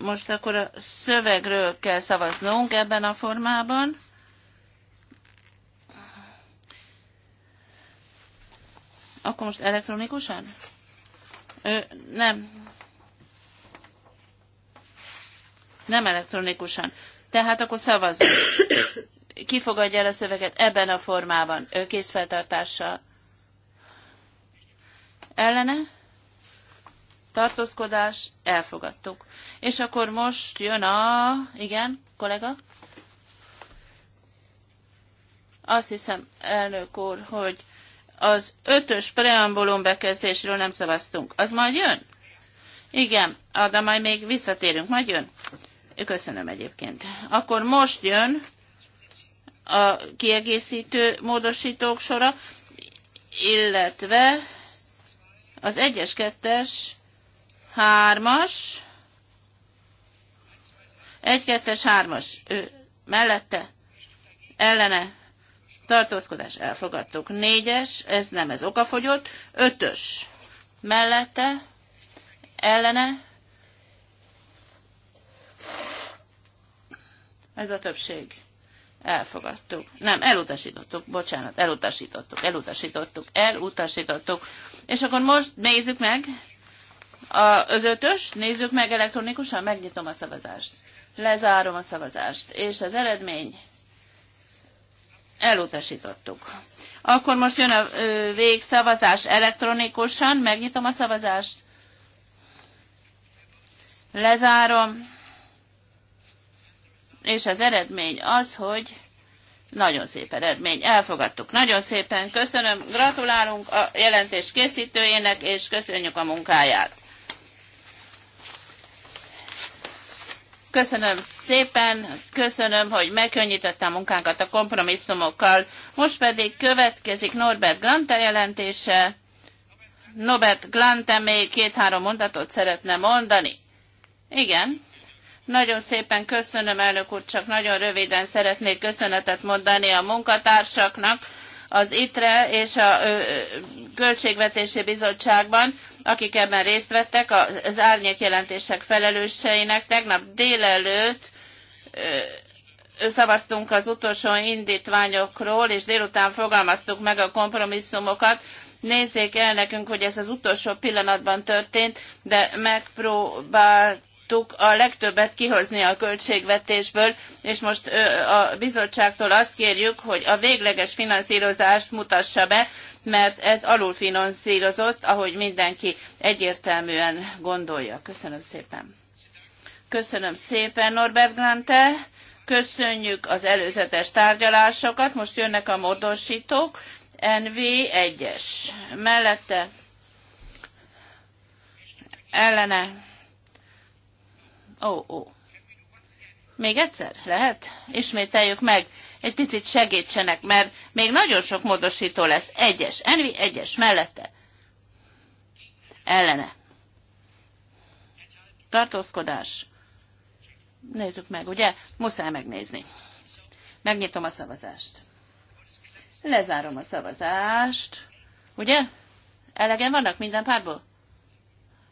most akkor a szövegről kell szavaznunk ebben a formában. Akkor most elektronikusan? Ö, nem. Nem elektronikusan. Tehát akkor szavazzunk. Ki fogadja el a szöveget ebben a formában, készfeltartással? Ellene? tartózkodás, elfogadtuk. És akkor most jön a... Igen, kollega? Azt hiszem, elnök úr, hogy az ötös preambulum bekezdésről nem szavaztunk. Az majd jön? Igen, de majd még visszatérünk. Majd jön? Köszönöm egyébként. Akkor most jön a kiegészítő módosítók sora, illetve az egyes kettes 2 Hármas. Egy, kettes, hármas. Ő mellette. Ellene. Tartózkodás elfogadtuk. Négyes. Ez nem, ez okafogyott. Ötös. Mellette. Ellene. Ez a többség. Elfogadtuk. Nem, elutasítottuk, bocsánat, elutasítottuk, elutasítottuk, elutasítottuk. És akkor most nézzük meg, a, az ötös, nézzük meg elektronikusan, megnyitom a szavazást. Lezárom a szavazást, és az eredmény elutasítottuk. Akkor most jön a végszavazás elektronikusan, megnyitom a szavazást. Lezárom. És az eredmény az, hogy nagyon szép eredmény, elfogadtuk. Nagyon szépen köszönöm, gratulálunk a jelentés készítőjének, és köszönjük a munkáját. Köszönöm szépen, köszönöm, hogy megkönnyítette a munkánkat a kompromisszumokkal. Most pedig következik Norbert Glante jelentése. Norbert Glante még két-három mondatot szeretne mondani. Igen. Nagyon szépen köszönöm, elnök úr, csak nagyon röviden szeretnék köszönetet mondani a munkatársaknak, az ITRE és a Költségvetési Bizottságban, akik ebben részt vettek, az árnyék jelentések felelőseinek tegnap délelőtt szavaztunk az utolsó indítványokról, és délután fogalmaztuk meg a kompromisszumokat. Nézzék el nekünk, hogy ez az utolsó pillanatban történt, de megpróbált tudtuk a legtöbbet kihozni a költségvetésből, és most a bizottságtól azt kérjük, hogy a végleges finanszírozást mutassa be, mert ez alulfinanszírozott, ahogy mindenki egyértelműen gondolja. Köszönöm szépen. Köszönöm szépen, Norbert Glante. Köszönjük az előzetes tárgyalásokat. Most jönnek a módosítók. NV1-es. Mellette ellene Ó, ó. Még egyszer? Lehet? Ismételjük meg. Egy picit segítsenek, mert még nagyon sok módosító lesz. Egyes, Envi, egyes, mellette. Ellene. Tartózkodás. Nézzük meg, ugye? Muszáj megnézni. Megnyitom a szavazást. Lezárom a szavazást. Ugye? Elegen vannak minden párból?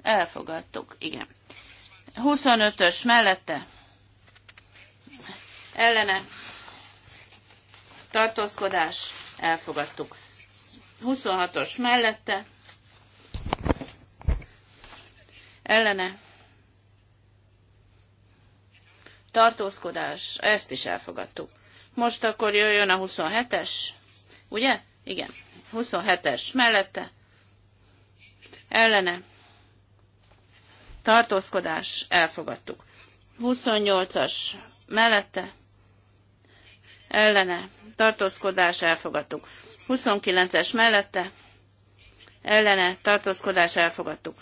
Elfogadtuk, igen. 25-ös mellette ellene tartózkodás elfogadtuk. 26-os mellette ellene tartózkodás, ezt is elfogadtuk. Most akkor jöjjön a 27-es, ugye? Igen, 27-es mellette ellene tartózkodás, elfogadtuk. 28-as mellette, ellene, tartózkodás, elfogadtuk. 29-es mellette, ellene, tartózkodás, elfogadtuk.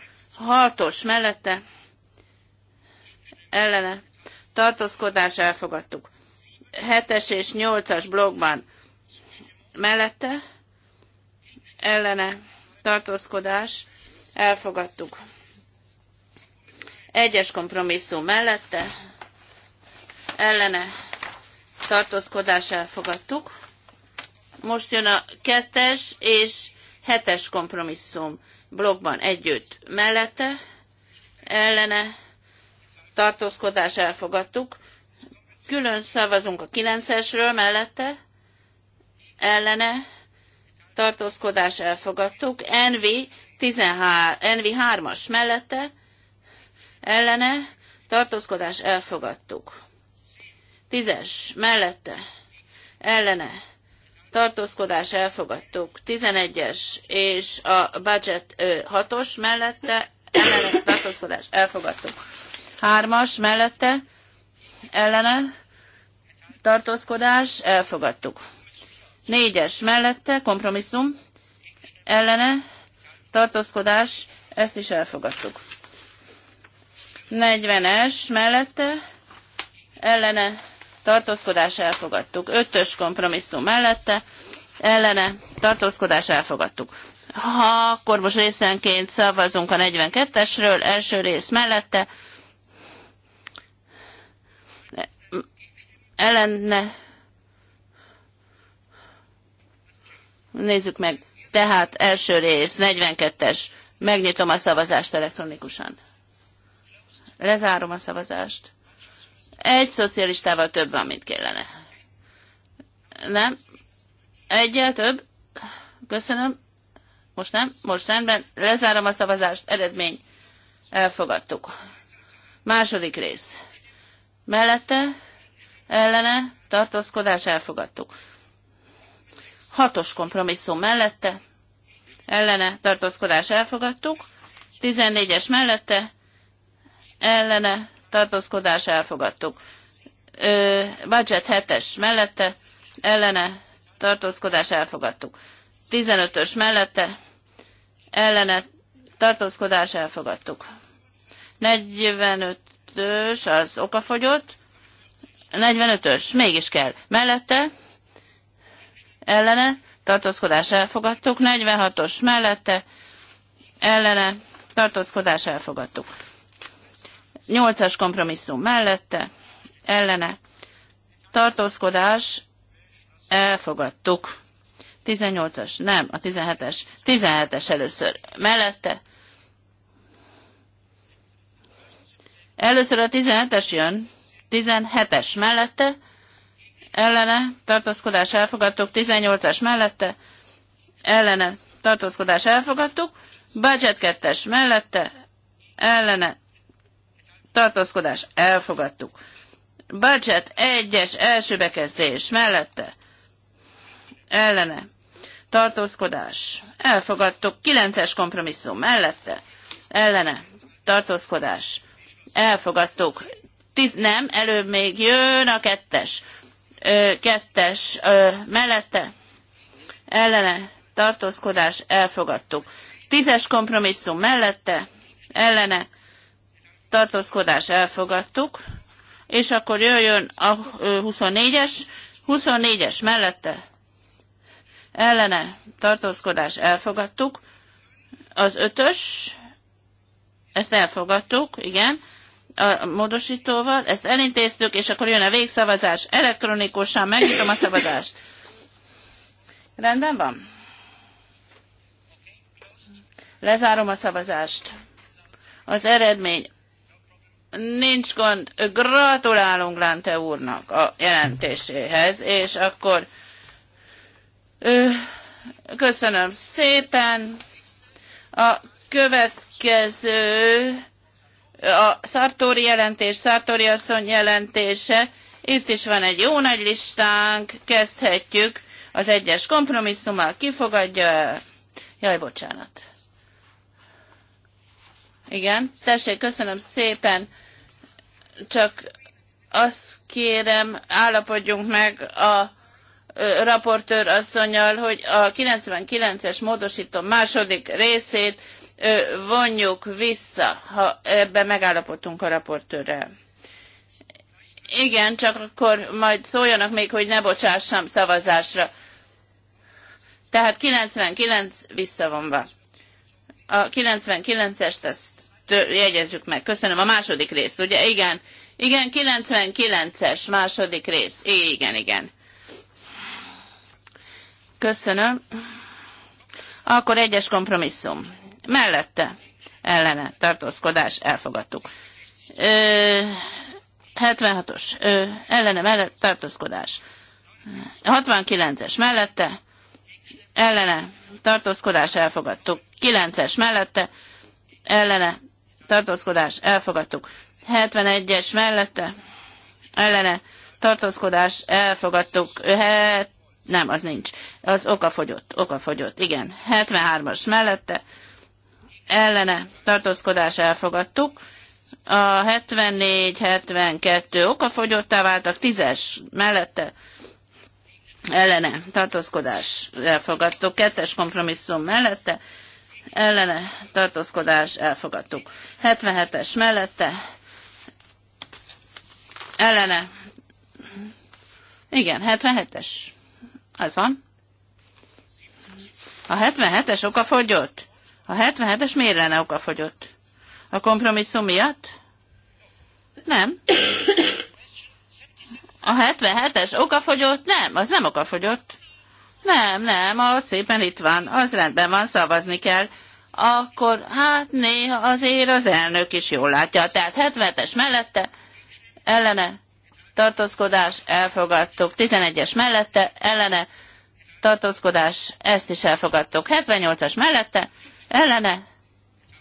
6-os mellette, ellene, tartózkodás, elfogadtuk. 7-es és 8-as blogban mellette, ellene, tartózkodás, elfogadtuk. Egyes kompromisszum mellette ellene tartózkodás elfogadtuk. Most jön a kettes és hetes kompromisszum blokkban együtt mellette ellene tartózkodás elfogadtuk. Külön szavazunk a kilencesről mellette, ellene tartózkodás elfogadtuk. NV, 13, NV as mellette, ellene, tartózkodás elfogadtuk. Tízes, mellette, ellene, tartózkodás elfogadtuk. Tizenegyes és a budget hatos mellette, ellene, tartózkodás elfogadtuk. Hármas mellette, ellene, tartózkodás elfogadtuk. Négyes mellette, kompromisszum, ellene, tartózkodás, ezt is elfogadtuk. 40-es mellette ellene tartózkodás elfogadtuk. 5-ös kompromisszum mellette ellene tartózkodás elfogadtuk. Ha akkor most részenként szavazunk a 42-esről, első rész mellette, ellene Nézzük meg. Tehát első rész, 42-es. Megnyitom a szavazást elektronikusan. Lezárom a szavazást. Egy szocialistával több van, mint kellene. Nem? Egyel több? Köszönöm. Most nem? Most rendben. Lezárom a szavazást. Eredmény. Elfogadtuk. Második rész. Mellette, ellene, tartózkodás, elfogadtuk. Hatos kompromisszum mellette, ellene, tartózkodás, elfogadtuk. Tizennégyes mellette, ellene tartózkodás elfogadtuk. Ö, budget 7-es mellette ellene tartózkodás elfogadtuk. 15-ös mellette ellene tartózkodás elfogadtuk. 45-ös az okafogyott. 45-ös mégis kell. Mellette ellene tartózkodás elfogadtuk. 46-os mellette ellene tartózkodás elfogadtuk. Nyolcas kompromisszum mellette, ellene, tartózkodás, elfogadtuk. 18-as, nem, a 17-es, 17-es először, mellette. Először a 17-es jön, 17-es mellette, ellene, tartózkodás elfogadtuk, 18-as mellette, ellene, tartózkodás elfogadtuk, budget 2-es mellette, ellene, tartózkodás, elfogadtuk. Budget egyes első bekezdés mellette, ellene, tartózkodás, elfogadtuk. kilences kompromisszum mellette, ellene, tartózkodás, elfogadtuk. Tiz, nem, előbb még jön a kettes. Ö, kettes ö, mellette, ellene, tartózkodás, elfogadtuk. Tízes kompromisszum mellette, ellene, tartózkodás elfogadtuk, és akkor jöjjön a 24-es, 24-es mellette ellene tartózkodás elfogadtuk, az ötös, ezt elfogadtuk, igen, a módosítóval, ezt elintéztük, és akkor jön a végszavazás elektronikusan, megnyitom a szavazást. Rendben van? Lezárom a szavazást. Az eredmény Nincs gond. Gratulálunk Lánte úrnak a jelentéséhez, és akkor köszönöm szépen. A következő a Szartóri jelentés, Szartóri asszony jelentése. Itt is van egy jó nagy listánk, kezdhetjük az egyes kompromisszummal, kifogadja el. Jaj, bocsánat. Igen, tessék, köszönöm szépen csak azt kérem, állapodjunk meg a raportőr asszonyal, hogy a 99-es módosító második részét vonjuk vissza, ha ebben megállapodtunk a raportőrrel. Igen, csak akkor majd szóljanak még, hogy ne bocsássam szavazásra. Tehát 99 visszavonva. A 99-est azt jegyezzük meg. Köszönöm. A második részt, ugye? Igen. Igen, 99-es második rész. Igen, igen. Köszönöm. Akkor egyes kompromisszum. Mellette ellene tartózkodás elfogadtuk. Ö, 76-os ö, ellene mellett tartózkodás. 69-es mellette ellene tartózkodás elfogadtuk. 9-es mellette ellene tartózkodás elfogadtuk. 71-es mellette ellene tartózkodás elfogadtuk. Het, nem, az nincs. Az okafogyott, okafogyott, igen. 73-as mellette ellene tartózkodás elfogadtuk. A 74-72 okafogyottá váltak, 10-es mellette ellene tartózkodás elfogadtuk, kettes kompromisszum mellette ellene tartózkodás elfogadtuk. 77-es mellette ellene. Igen, 77-es. Az van. A 77-es okafogyott? A 77-es miért lenne okafogyott? A kompromisszum miatt? Nem. A 77-es okafogyott? Nem, az nem okafogyott. Nem, nem, az szépen itt van, az rendben van, szavazni kell. Akkor hát néha azért az elnök is jól látja. Tehát 70-es mellette, ellene, tartózkodás, elfogadtuk. 11-es mellette, ellene, tartózkodás, ezt is elfogadtuk. 78-as mellette, ellene,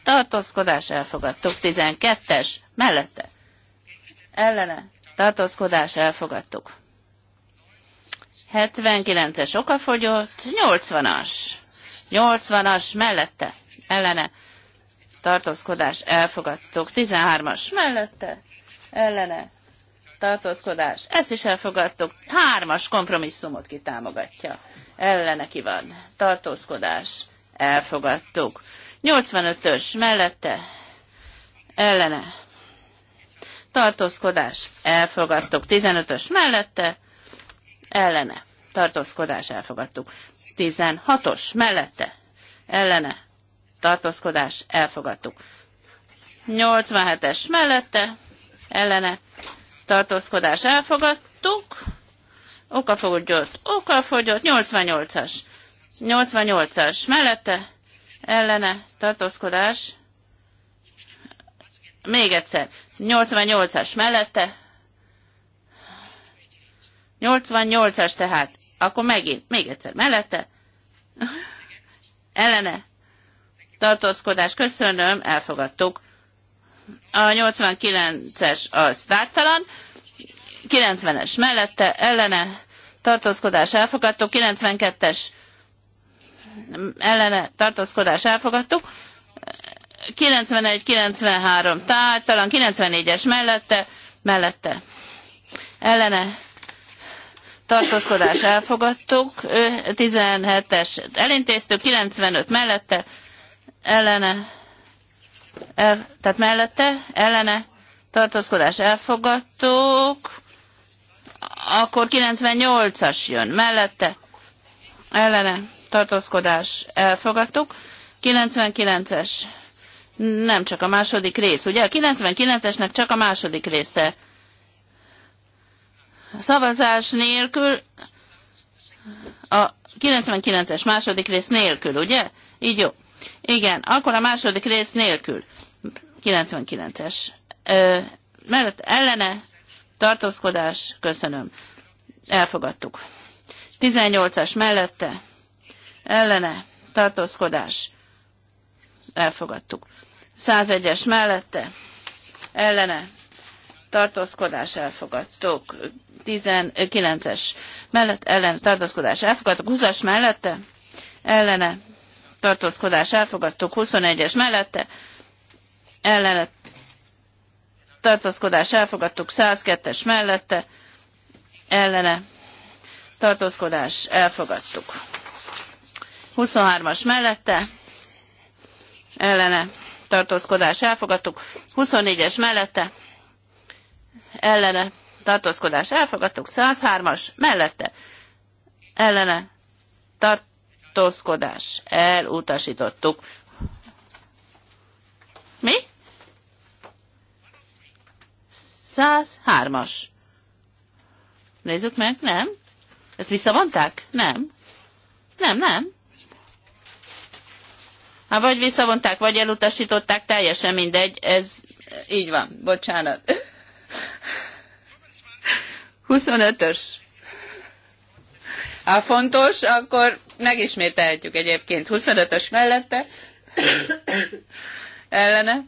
tartózkodás, elfogadtuk. 12-es mellette, ellene, tartózkodás, elfogadtuk. 79-es okafogyott, 80-as. 80-as mellette, ellene. Tartózkodás elfogadtuk. 13-as mellette, ellene. Tartózkodás. Ezt is elfogadtuk. Hármas kompromisszumot kitámogatja. Ellene ki van. Tartózkodás. Elfogadtuk. 85-ös mellette, ellene. Tartózkodás. Elfogadtuk. 15-ös mellette, ellene, tartózkodás elfogadtuk. 16-os mellette, ellene, tartózkodás elfogadtuk. 87-es mellette, ellene, tartózkodás elfogadtuk. Okafogyott, okafogyott, 88-as. 88-as mellette, ellene, tartózkodás. Még egyszer, 88-as mellette, 88-as tehát, akkor megint, még egyszer, mellette, ellene, tartózkodás, köszönöm, elfogadtuk. A 89-es az tártalan, 90-es mellette, ellene, tartózkodás, elfogadtuk, 92-es ellene, tartózkodás, elfogadtuk, 91-93 tártalan, 94-es mellette, mellette, ellene, tartózkodás elfogadtuk, 17-es elintéztük, 95 mellette, ellene, el, tehát mellette, ellene, tartózkodás elfogadtuk, akkor 98-as jön mellette, ellene, tartózkodás elfogadtuk, 99-es, nem csak a második rész, ugye? A 99-esnek csak a második része szavazás nélkül, a 99-es második rész nélkül, ugye? Így jó. Igen, akkor a második rész nélkül. 99-es. Mert ellene tartózkodás, köszönöm. Elfogadtuk. 18-as mellette ellene tartózkodás. Elfogadtuk. 101-es mellette ellene tartózkodás elfogadtuk. 19-es mellett ellen tartózkodás elfogadtuk. 20-as mellette ellene tartózkodás elfogadtuk. 21-es mellette ellene tartózkodás elfogadtuk. 102-es mellette ellene tartózkodás elfogadtuk. 23-as mellette ellene tartózkodás elfogadtuk. 24-es mellette ellene tartózkodás elfogadtuk, 103-as mellette ellene tartózkodás elutasítottuk. Mi? 103-as. Nézzük meg, nem? Ezt visszavonták? Nem. Nem, nem. Hát vagy visszavonták, vagy elutasították, teljesen mindegy, ez így van, bocsánat. 25-ös. Ha fontos, akkor megismételhetjük egyébként. 25-ös mellette. Ellene.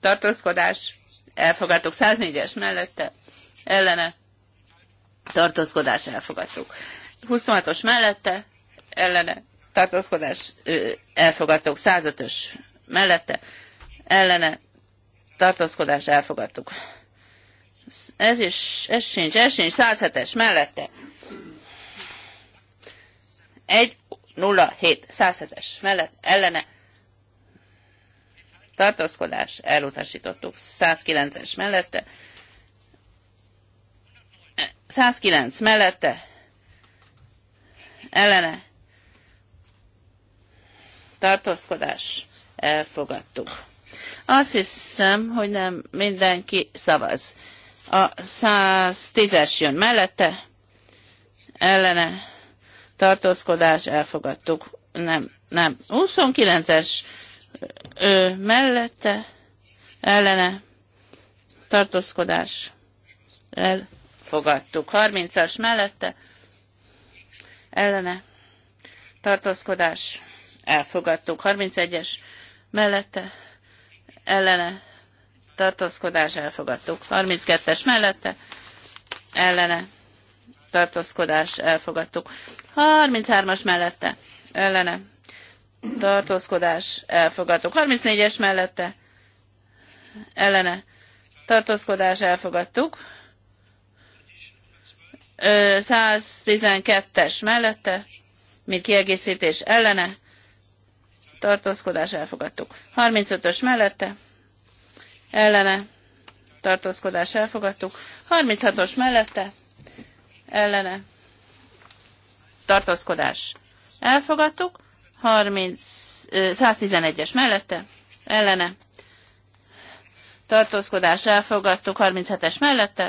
Tartózkodás. Elfogadtuk. 104-es mellette. Ellene. Tartózkodás. Elfogadtuk. 26-os mellette. Ellene. Tartózkodás. Elfogadtuk. 105-ös mellette. Ellene. Tartózkodás. Elfogadtuk. Ez is, ez sincs, ez sincs, 107-es mellette. 1, 0, 7, 107-es mellett, ellene. Tartózkodás, elutasítottuk, 109-es mellette. 109 mellette, ellene. Tartózkodás, elfogadtuk. Azt hiszem, hogy nem mindenki szavaz. A 110-es jön mellette, ellene, tartózkodás, elfogadtuk. Nem, nem. 29-es ő mellette, ellene, tartózkodás, elfogadtuk. 30-as mellette, ellene, tartózkodás, elfogadtuk. 31-es mellette, ellene, tartózkodás elfogadtuk. 32-es mellette ellene tartózkodás elfogadtuk. 33-as mellette ellene tartózkodás elfogadtuk. 34-es mellette ellene tartózkodás elfogadtuk. 112-es mellette, mint kiegészítés ellene, tartózkodás elfogadtuk. 35-ös mellette, ellene tartózkodás elfogadtuk. 36-os mellette ellene tartózkodás elfogadtuk. 30, 111-es mellette ellene tartózkodás elfogadtuk. 37-es mellette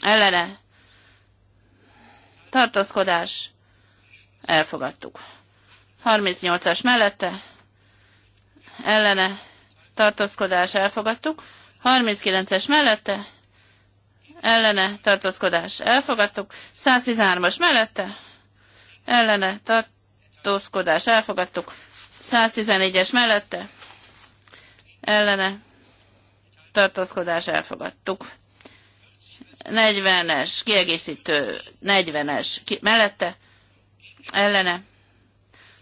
ellene tartózkodás elfogadtuk. 38-as mellette ellene tartózkodás elfogadtuk, 39-es mellette, ellene tartózkodás elfogadtuk, 113-as mellette, ellene tartózkodás elfogadtuk, 114-es mellette, ellene tartózkodás elfogadtuk. 40-es, kiegészítő 40-es ki, mellette, ellene,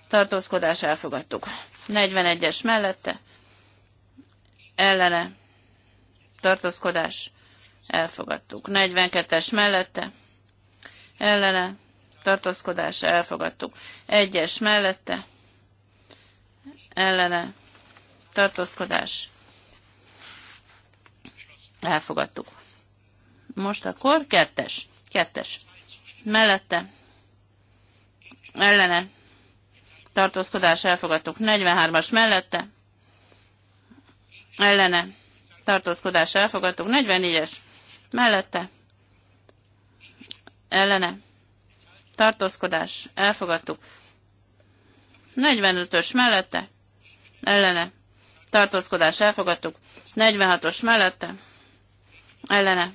tartózkodás elfogadtuk. 41-es mellette, ellene tartózkodás elfogadtuk. 42-es mellette ellene tartózkodás elfogadtuk. 1-es mellette ellene tartózkodás elfogadtuk. Most akkor kettes, kettes, mellette, ellene, tartózkodás elfogadtuk, 43-as mellette, ellene tartózkodás elfogadtuk. 44-es mellette ellene tartózkodás elfogadtuk. 45-ös mellette ellene tartózkodás elfogadtuk. 46-os mellette ellene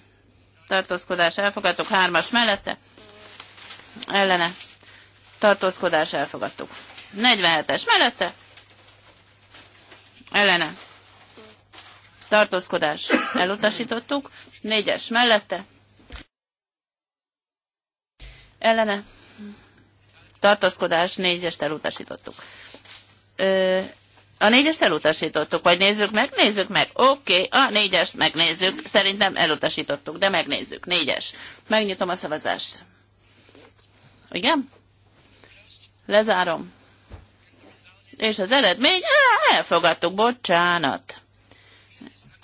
tartózkodás elfogadtuk. 3-as mellette ellene tartózkodás elfogadtuk. 47-es mellette ellene tartózkodás elutasítottuk, négyes mellette, ellene, tartózkodás négyest elutasítottuk. Ö, a négyest elutasítottuk, vagy nézzük meg, nézzük meg, oké, okay, a négyest megnézzük, szerintem elutasítottuk, de megnézzük, négyes. Megnyitom a szavazást. Igen? Lezárom. És az eredmény, á, elfogadtuk, bocsánat.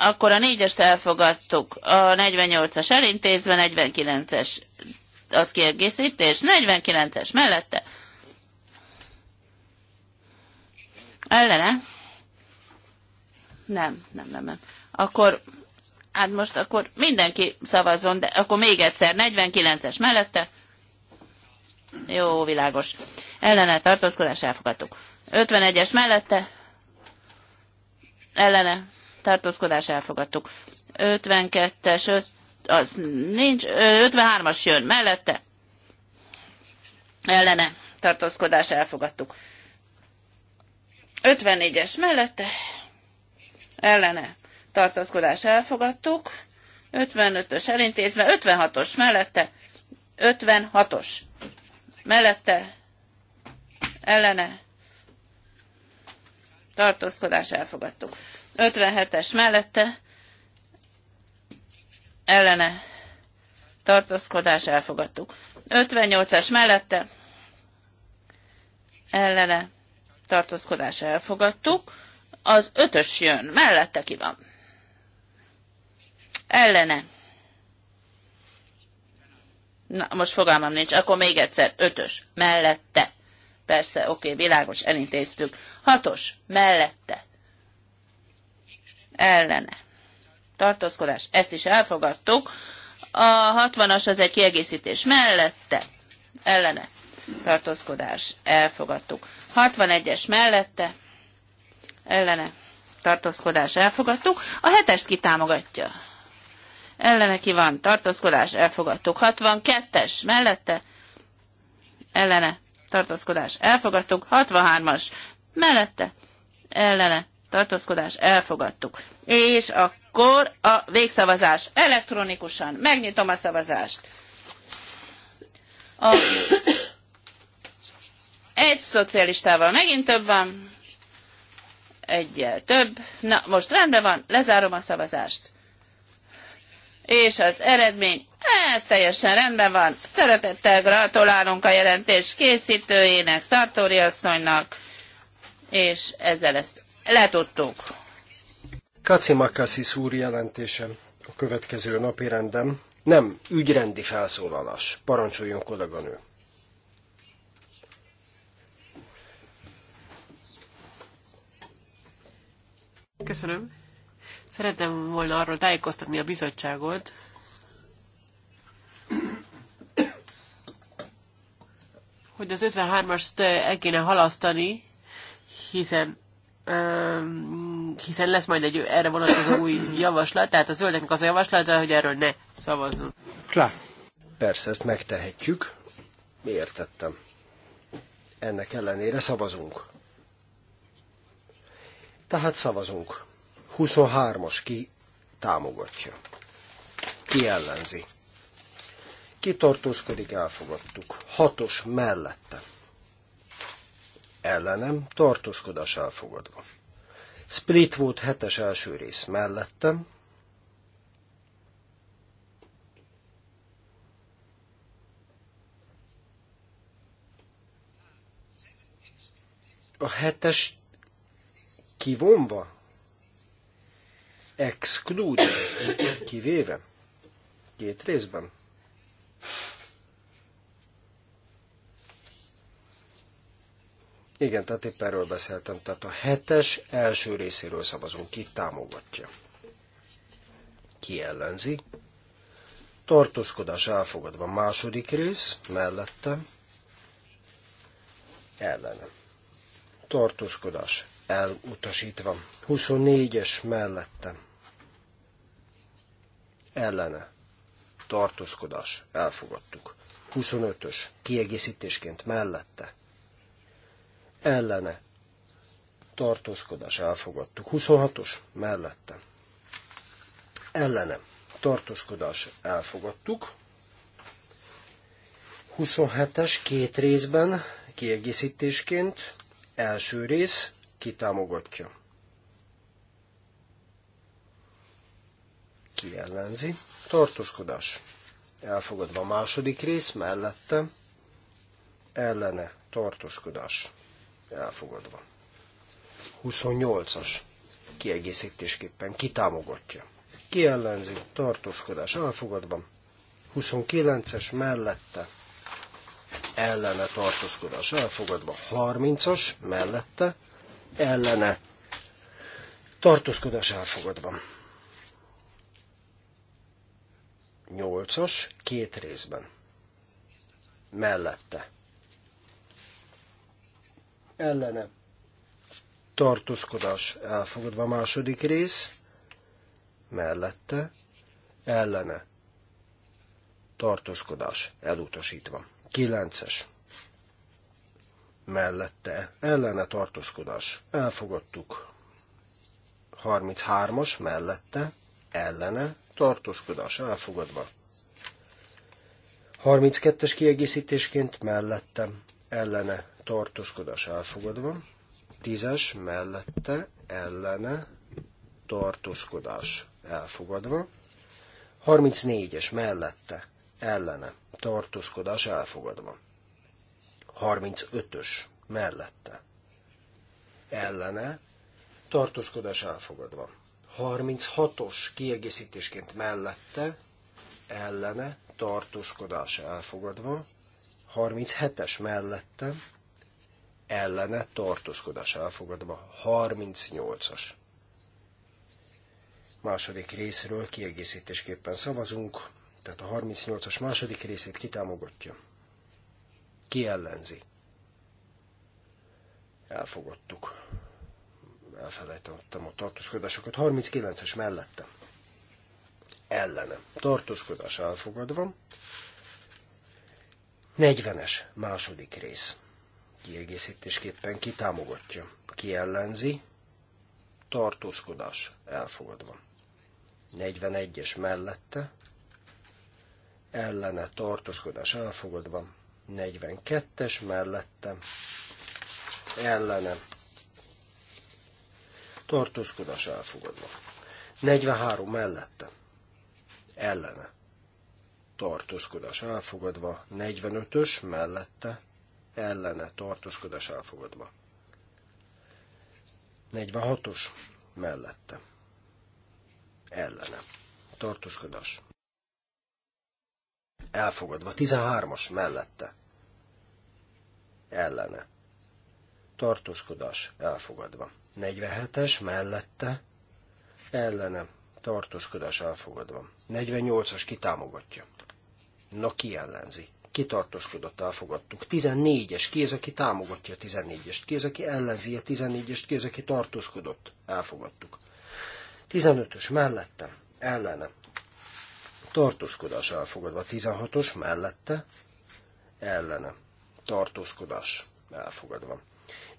Akkor a négyest elfogadtuk, a 48-as elintézve, 49-es az kiegészítés, 49-es mellette. Ellene? Nem, nem, nem, nem. Akkor, hát most akkor mindenki szavazzon, de akkor még egyszer, 49-es mellette. Jó, világos. Ellene tartózkodás elfogadtuk. 51-es mellette. Ellene tartózkodás elfogadtuk. 52-es, az nincs, 53-as jön mellette, ellene tartózkodás elfogadtuk. 54-es mellette, ellene tartózkodás elfogadtuk. 55-ös elintézve, 56-os mellette, 56-os mellette, ellene tartózkodás elfogadtuk. 57-es mellette ellene tartózkodás elfogadtuk. 58-as mellette ellene tartózkodás elfogadtuk. Az ötös jön, mellette ki van. Ellene. Na, most fogalmam nincs, akkor még egyszer, ötös, mellette. Persze, oké, világos, elintéztük. Hatos, mellette ellene. Tartózkodás, ezt is elfogadtuk. A 60-as az egy kiegészítés mellette, ellene. Tartózkodás, elfogadtuk. 61-es mellette, ellene. Tartózkodás, elfogadtuk. A 7-est kitámogatja. Ellene ki van, tartózkodás, elfogadtuk. 62-es mellette, ellene, tartózkodás, elfogadtuk. 63-as mellette, ellene, tartózkodás elfogadtuk. És akkor a végszavazás elektronikusan. Megnyitom a szavazást. A... Egy szocialistával megint több van, egyel több. Na, most rendben van, lezárom a szavazást. És az eredmény, ez teljesen rendben van. Szeretettel gratulálunk a jelentés készítőjének, Szartóri asszonynak, és ezzel ezt letudtuk. Kacimakassis úr jelentése a következő napi rendem. Nem, ügyrendi felszólalás. Parancsoljon kolléganő. Köszönöm. Szeretném volna arról tájékoztatni a bizottságot, hogy az 53-ast el kéne halasztani, hiszen hiszen lesz majd egy erre vonatkozó új javaslat, tehát a zöldeknek az a javaslata, hogy erről ne szavazzunk. Klá. Persze, ezt megtehetjük. Miért tettem? Ennek ellenére szavazunk. Tehát szavazunk. 23-as ki támogatja. Ki ellenzi. Ki elfogadtuk. Hatos mellette ellenem, tartózkodás elfogadva. Split volt hetes első rész mellettem. A hetes kivonva? Exclude, kivéve? Két részben. Igen, tehát épp erről beszéltem. Tehát a hetes első részéről szavazunk. Ki támogatja? Ki ellenzi? Tartózkodás elfogadva. Második rész, mellette, ellene. Tartózkodás elutasítva. 24-es mellette, Ellene. Tartózkodás. Elfogadtuk. 25-ös. Kiegészítésként mellette ellene tartózkodás elfogadtuk. 26-os mellette ellene tartózkodás elfogadtuk. 27-es két részben kiegészítésként első rész kitámogatja. Ki Tartózkodás. Elfogadva a második rész mellette ellene tartózkodás elfogadva. 28-as kiegészítésképpen kitámogatja. Kiellenzi, tartózkodás elfogadva. 29-es mellette ellene tartózkodás elfogadva. 30-as mellette ellene tartózkodás elfogadva. 8-as két részben mellette ellene tartózkodás elfogadva. Második rész mellette ellene tartózkodás elutasítva. Kilences mellette ellene tartózkodás elfogadtuk. 33-as mellette ellene tartózkodás elfogadva. 32-es kiegészítésként mellettem, ellene tartózkodás elfogadva, tízes mellette ellene tartózkodás elfogadva, 34-es mellette ellene tartózkodás elfogadva, 35-ös mellette ellene tartózkodás elfogadva, 36-os kiegészítésként mellette ellene tartózkodás elfogadva, 37-es mellette ellene tartózkodás elfogadva 38-as. Második részről kiegészítésképpen szavazunk, tehát a 38-as második részét kitámogatja. Ki ellenzi? Elfogadtuk. Elfelejtettem a tartózkodásokat. 39-es mellette. Ellene. Tartózkodás elfogadva. 40-es második rész. Kiegészítésképpen ki támogatja, ki ellenzi, tartózkodás elfogadva. 41-es mellette, ellene tartózkodás elfogadva, 42-es mellette, ellene tartózkodás elfogadva. 43 mellette, ellene tartózkodás elfogadva, 45-ös mellette ellene tartózkodás elfogadva. 46-os mellette ellene tartózkodás elfogadva, 13-as mellette ellene tartózkodás elfogadva, 47-es mellette ellene tartózkodás elfogadva. 48-as kitámogatja. Na ki ellenzi? Kitartoskodott, elfogadtuk. 14-es, kéz, aki támogatja a 14-est? kéz, aki ellenzi a 14-est? kéz, aki tartózkodott? Elfogadtuk. 15-ös mellettem, ellene. Tartózkodás elfogadva. 16-os mellette, ellene. Tartózkodás elfogadva.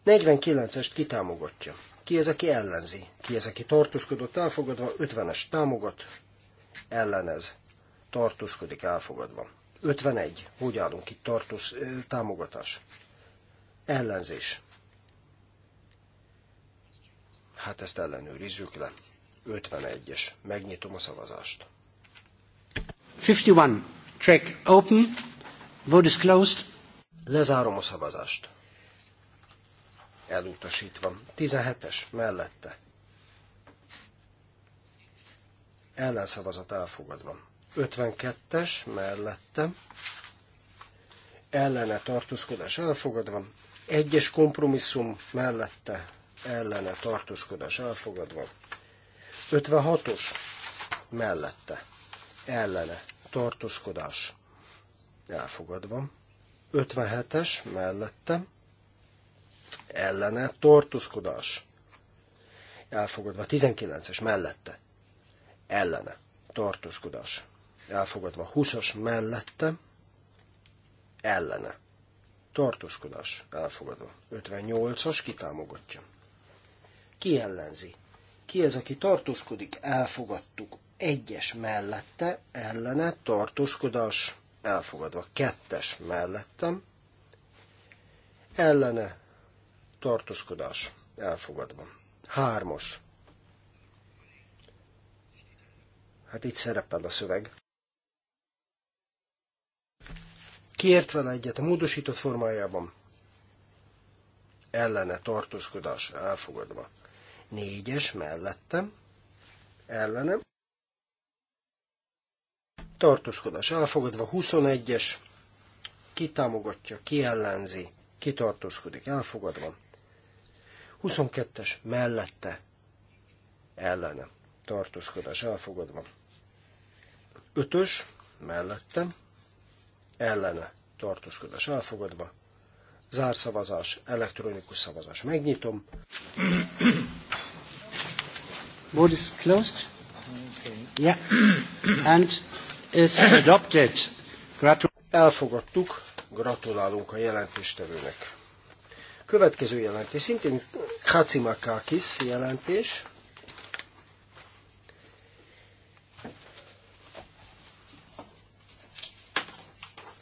49-est kitámogatja. Ki az, aki ellenzi? Ki az, aki tartózkodott, elfogadva, 50-es támogat, ellenez tartózkodik elfogadva. 51. Hogy állunk itt tartós, támogatás? Ellenzés. Hát ezt ellenőrizzük le. 51-es. Megnyitom a szavazást. 51. Check open. Vote is closed. Lezárom a szavazást. Elutasítva. 17-es. Mellette. Ellenszavazat elfogadva. 52-es mellette ellene tartózkodás elfogadva, egyes kompromisszum mellette ellene tartózkodás elfogadva, 56-os mellette ellene tartózkodás elfogadva, 57-es mellette ellene tartózkodás elfogadva, 19-es mellette ellene tartózkodás elfogadva 20-as mellette, ellene. Tartózkodás elfogadva. 58-as kitámogatja. Ki ellenzi? Ki ez, aki tartózkodik? Elfogadtuk. Egyes mellette, ellene, tartózkodás elfogadva. Kettes mellettem, ellene, tartózkodás elfogadva. Hármas. Hát itt szerepel a szöveg. kért vele egyet a módosított formájában? Ellene tartózkodás elfogadva. Négyes mellettem. Ellenem. Tartózkodás elfogadva. 21-es. kitámogatja, kiellenzi, kitartózkodik, elfogadva. 22-es mellette. Ellene. Tartózkodás elfogadva. Ötös mellettem ellene tartózkodás elfogadva. Zárszavazás, elektronikus szavazás. Megnyitom. Board is closed. Okay. Yeah. And is adopted. Gratul- Elfogadtuk. Gratulálunk a jelentéstevőnek. Következő jelentés, szintén Hatsimakakis jelentés.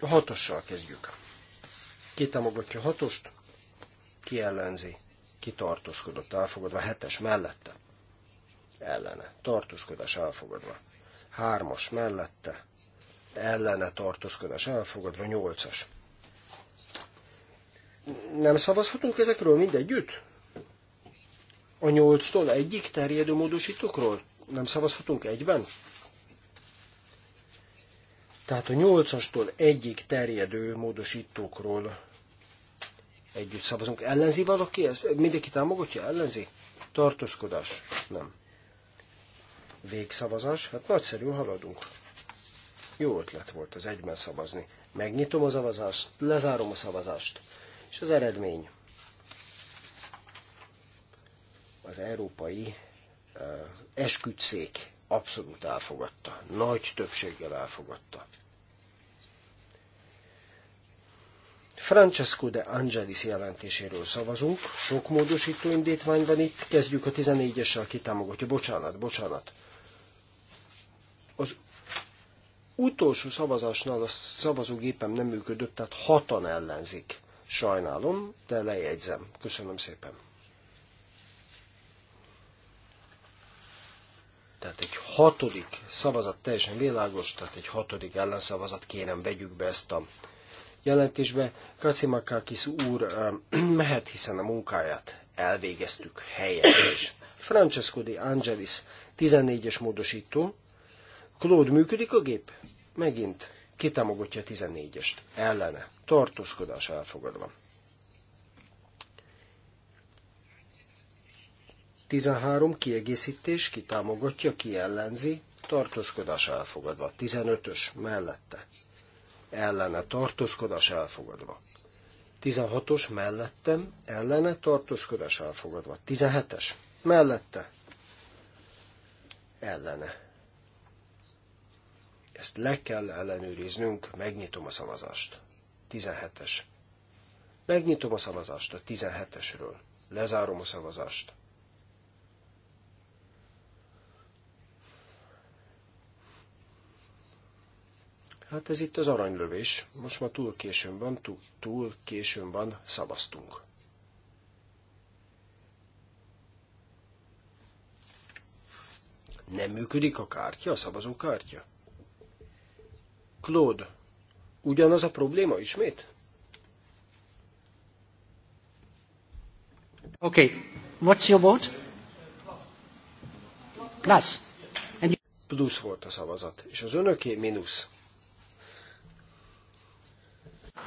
A hatossal kezdjük. Ki támogatja a hatost, ki ellenzi, ki tartózkodott, elfogadva, hetes mellette, ellene, tartózkodás elfogadva, hármas mellette, ellene tartózkodás elfogadva, nyolcas. Nem szavazhatunk ezekről mindegyütt? A nyolctól egyik terjedő módosítókról? Nem szavazhatunk egyben? Tehát a 8-astól egyik terjedő módosítókról együtt szavazunk. Ellenzi valaki ezt? Mindenki támogatja? Ellenzi? Tartózkodás? Nem. Végszavazás? Hát nagyszerű, haladunk. Jó ötlet volt az egyben szavazni. Megnyitom a szavazást, lezárom a szavazást. És az eredmény az európai uh, abszolút elfogadta. Nagy többséggel elfogadta. Francesco de Angelis jelentéséről szavazunk. Sok módosító indítvány van itt. Kezdjük a 14-essel, aki támogatja. Bocsánat, bocsánat. Az utolsó szavazásnál a szavazógépem nem működött, tehát hatan ellenzik. Sajnálom, de lejegyzem. Köszönöm szépen. Tehát egy hatodik szavazat teljesen világos, tehát egy hatodik ellenszavazat, kérem, vegyük be ezt a jelentésbe. Kacimakakis úr mehet, hiszen a munkáját elvégeztük helyesen is. Francesco de Angelis, 14-es módosító. Claude, működik a gép? Megint. kitámogatja támogatja 14-est? Ellene. Tartózkodás elfogadva. 13 kiegészítés, ki támogatja, ki ellenzi, tartózkodás elfogadva. 15-ös mellette. Ellene tartózkodás elfogadva. 16-os mellettem, ellene tartózkodás elfogadva. 17-es mellette. Ellene. Ezt le kell ellenőriznünk, megnyitom a szavazást. 17-es. Megnyitom a szavazást a 17-esről. Lezárom a szavazást. Hát ez itt az aranylövés. Most már túl későn van, túl, túl későn van, szavaztunk. Nem működik a kártya, a szavazókártya? Claude, ugyanaz a probléma ismét? Okay, what's your vote? Plus. And you... Plusz volt a szavazat, és az önöké mínusz.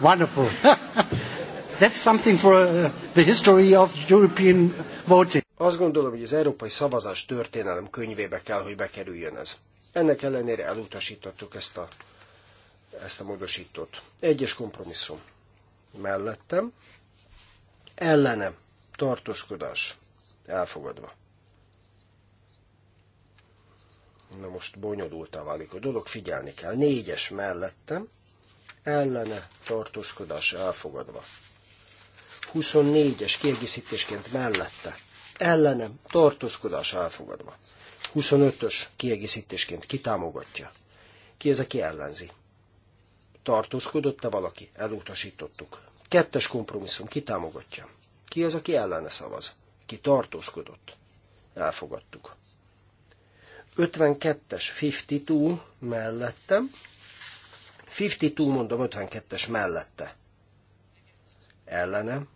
Wonderful. That's something for uh, the history of European voting. Azt gondolom, hogy az európai szavazás történelem könyvébe kell, hogy bekerüljön ez. Ennek ellenére elutasítottuk ezt a, ezt a módosítót. Egyes kompromisszum. Mellettem. Ellenem. Tartózkodás. Elfogadva. Na most bonyolultá válik a dolog, figyelni kell. Négyes mellettem ellene tartózkodás elfogadva. 24-es kiegészítésként mellette ellene tartózkodás elfogadva. 25-ös kiegészítésként kitámogatja. Ki ez, aki ellenzi? Tartózkodott-e valaki? Elutasítottuk. Kettes kompromisszum kitámogatja. Ki az, aki ellene szavaz? Ki tartózkodott? Elfogadtuk. 52-es 52 mellettem, 52, mondom, 52-es mellette. Ellenem.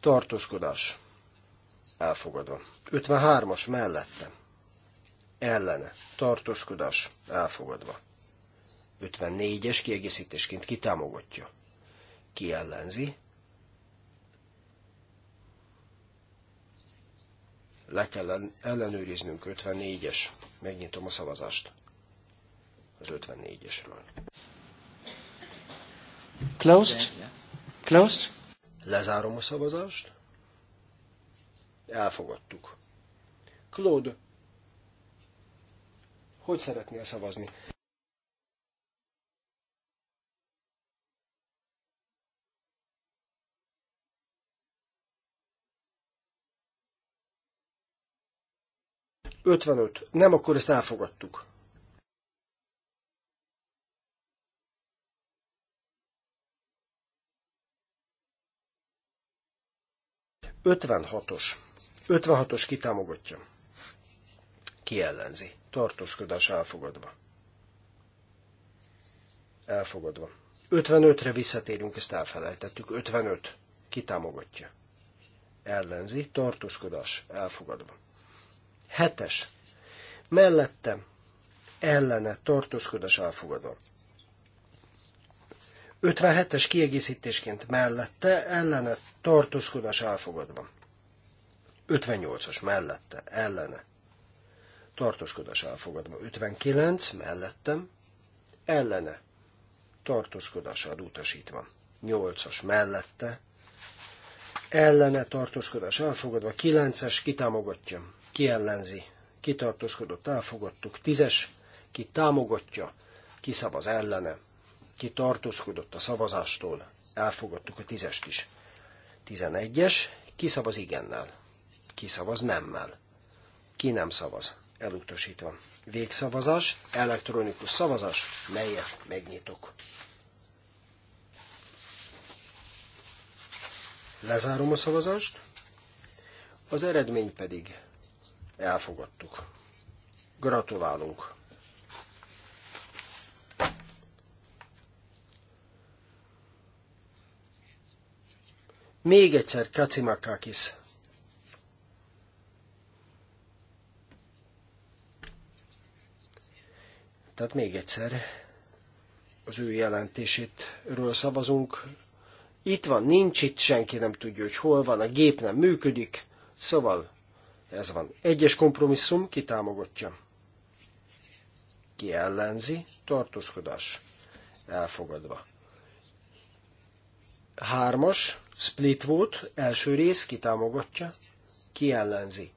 Tartózkodás. Elfogadom. 53-as mellette. Ellene. Tartózkodás. Elfogadva. 54-es kiegészítésként kitámogatja. Ki ellenzi? Le kell ellenőriznünk 54-es. Megnyitom a szavazást az 54-esről. Closed? Closed? Lezárom a szavazást. Elfogadtuk. Claude, hogy szeretnél szavazni? Ötvenöt. Nem, akkor ezt elfogadtuk. 56-os. 56-os kitámogatja. Ki ellenzi? Tartózkodás elfogadva. Elfogadva. 55-re visszatérünk, ezt elfelejtettük. 55. Kitámogatja. Ellenzi. Tartózkodás elfogadva. 7-es. Mellette ellene tartózkodás elfogadva. 57-es kiegészítésként mellette ellene tartózkodás elfogadva. 58-as mellette ellene tartózkodás elfogadva. 59 mellettem ellene tartózkodás elutasítva. 8-as mellette ellene tartózkodás elfogadva. 9-es kitámogatja, kiellenzi, kitartózkodott elfogadtuk. 10-es ki támogatja, kiszavaz ellene ki tartózkodott a szavazástól, elfogadtuk a tízest is. Tizenegyes, ki szavaz igennel, ki szavaz nemmel, ki nem szavaz, elutasítva. Végszavazás, elektronikus szavazás, melyet megnyitok. Lezárom a szavazást, az eredmény pedig elfogadtuk. Gratulálunk! Még egyszer Kacimakakis. Tehát még egyszer az ő jelentésétről szavazunk. Itt van, nincs itt, senki nem tudja, hogy hol van, a gép nem működik, szóval ez van. Egyes kompromisszum, ki támogatja? Ki ellenzi? Tartózkodás. Elfogadva. Hármas, split volt, első rész, ki támogatja, ki ellenzi.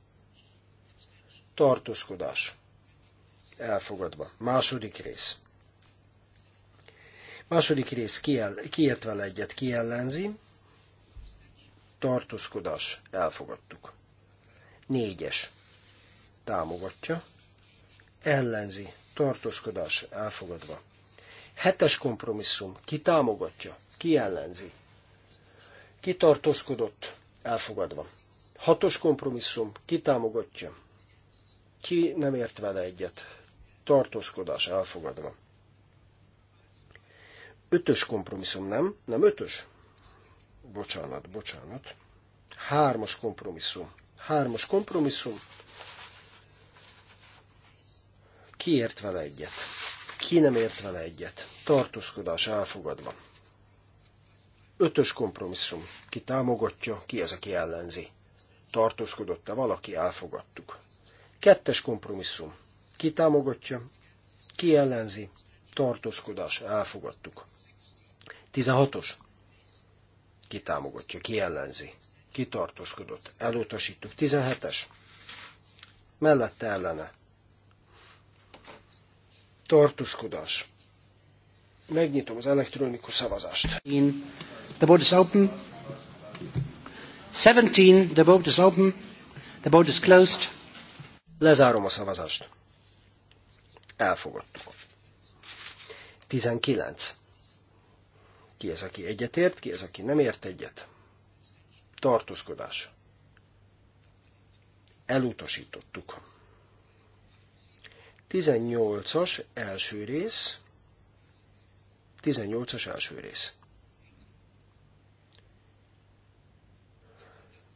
Tartózkodás. Elfogadva. Második rész. Második rész kiel, kiért vele egyet, ki ellenzi. Tartózkodás. Elfogadtuk. Négyes. Támogatja. Ellenzi. Tartózkodás. Elfogadva. Hetes kompromisszum. Ki támogatja? Ki ellenzi? kitartózkodott, elfogadva. Hatos kompromisszum, ki támogatja, ki nem ért vele egyet, tartózkodás elfogadva. Ötös kompromisszum, nem? Nem ötös? Bocsánat, bocsánat. Hármas kompromisszum. Hármas kompromisszum. Ki ért vele egyet? Ki nem ért vele egyet? Tartózkodás elfogadva. Ötös kompromisszum. Ki támogatja, ki az, aki ellenzi. Tartózkodott-e valaki, elfogadtuk. Kettes kompromisszum. Ki támogatja, ki ellenzi, tartózkodás, elfogadtuk. Tizenhatos. Ki támogatja, ki ellenzi, ki tartózkodott, elutasítjuk. Tizenhetes. Mellette ellene. Tartózkodás. Megnyitom az elektronikus szavazást. Én The vote is open. 17. The vote is open. The vote is closed. Lezárom a szavazást. Elfogadtuk. 19. Ki ez, aki egyetért, ki ez, aki nem ért egyet? Tartózkodás. Elutasítottuk. 18-as első rész. 18-as első rész.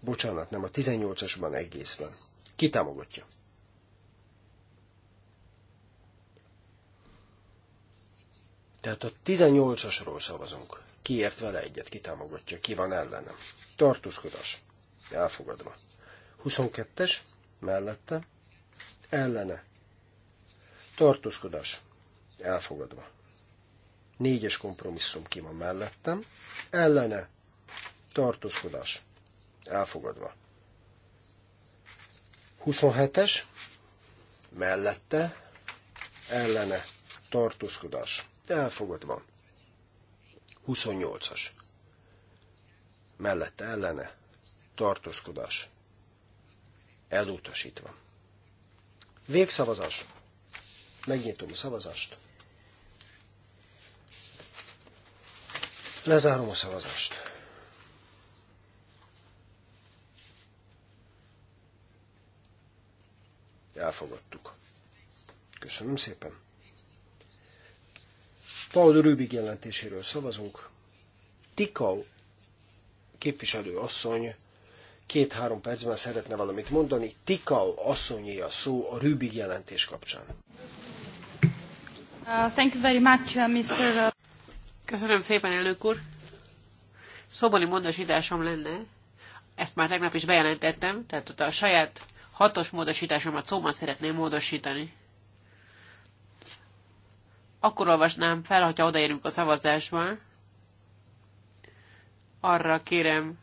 Bocsánat, nem a 18-asban egészben. Ki támogatja? Tehát a 18-asról szavazunk. Ki ért vele egyet, ki támogatja, ki van ellenem. Tartózkodás. Elfogadva. 22-es, mellette, ellene. Tartózkodás. Elfogadva. Négyes kompromisszum ki van mellettem. Ellene. Tartózkodás elfogadva. 27-es, mellette, ellene, tartózkodás, elfogadva. 28-as, mellette, ellene, tartózkodás, elutasítva. Végszavazás. Megnyitom a szavazást. Lezárom a szavazást. elfogadtuk. Köszönöm szépen. Paul Rübig jelentéséről szavazunk. Tikau képviselő asszony két-három percben szeretne valamit mondani. Tikau asszonyé a szó a Rübig jelentés kapcsán. Uh, thank you very much, uh, Mr. Uh, Köszönöm szépen, elnök úr. Szobani mondasításom lenne, ezt már tegnap is bejelentettem, tehát ott a saját hatos módosításomat szóban szeretném módosítani. Akkor olvasnám fel, hogyha odaérünk a szavazásba. Arra kérem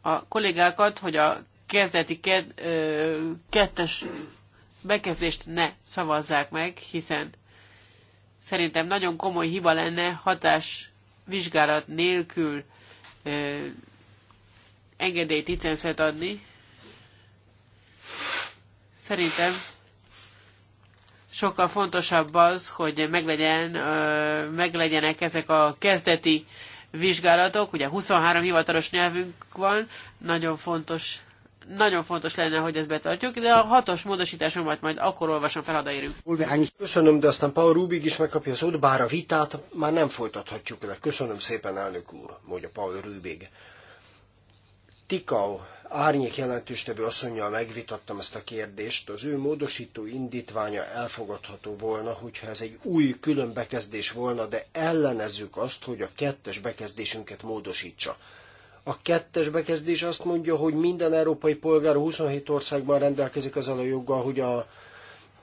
a kollégákat, hogy a kezdeti ked, ö, kettes bekezdést ne szavazzák meg, hiszen szerintem nagyon komoly hiba lenne hatás vizsgálat nélkül ö, engedélyt licenszet adni. Szerintem sokkal fontosabb az, hogy meglegyen, meglegyenek ezek a kezdeti vizsgálatok. Ugye 23 hivatalos nyelvünk van, nagyon fontos nagyon fontos lenne, hogy ezt betartjuk, de a hatos módosításomat majd akkor olvasom fel, ha érünk. Köszönöm, de aztán Paul Rubik is megkapja az ott, bár a vitát már nem folytathatjuk de Köszönöm szépen, elnök úr, mondja Paul Rubik. Tikau árnyék jelentőstevő asszonynal megvitattam ezt a kérdést. Az ő módosító indítványa elfogadható volna, hogyha ez egy új külön bekezdés volna, de ellenezzük azt, hogy a kettes bekezdésünket módosítsa. A kettes bekezdés azt mondja, hogy minden európai polgár 27 országban rendelkezik azzal a joggal, hogy a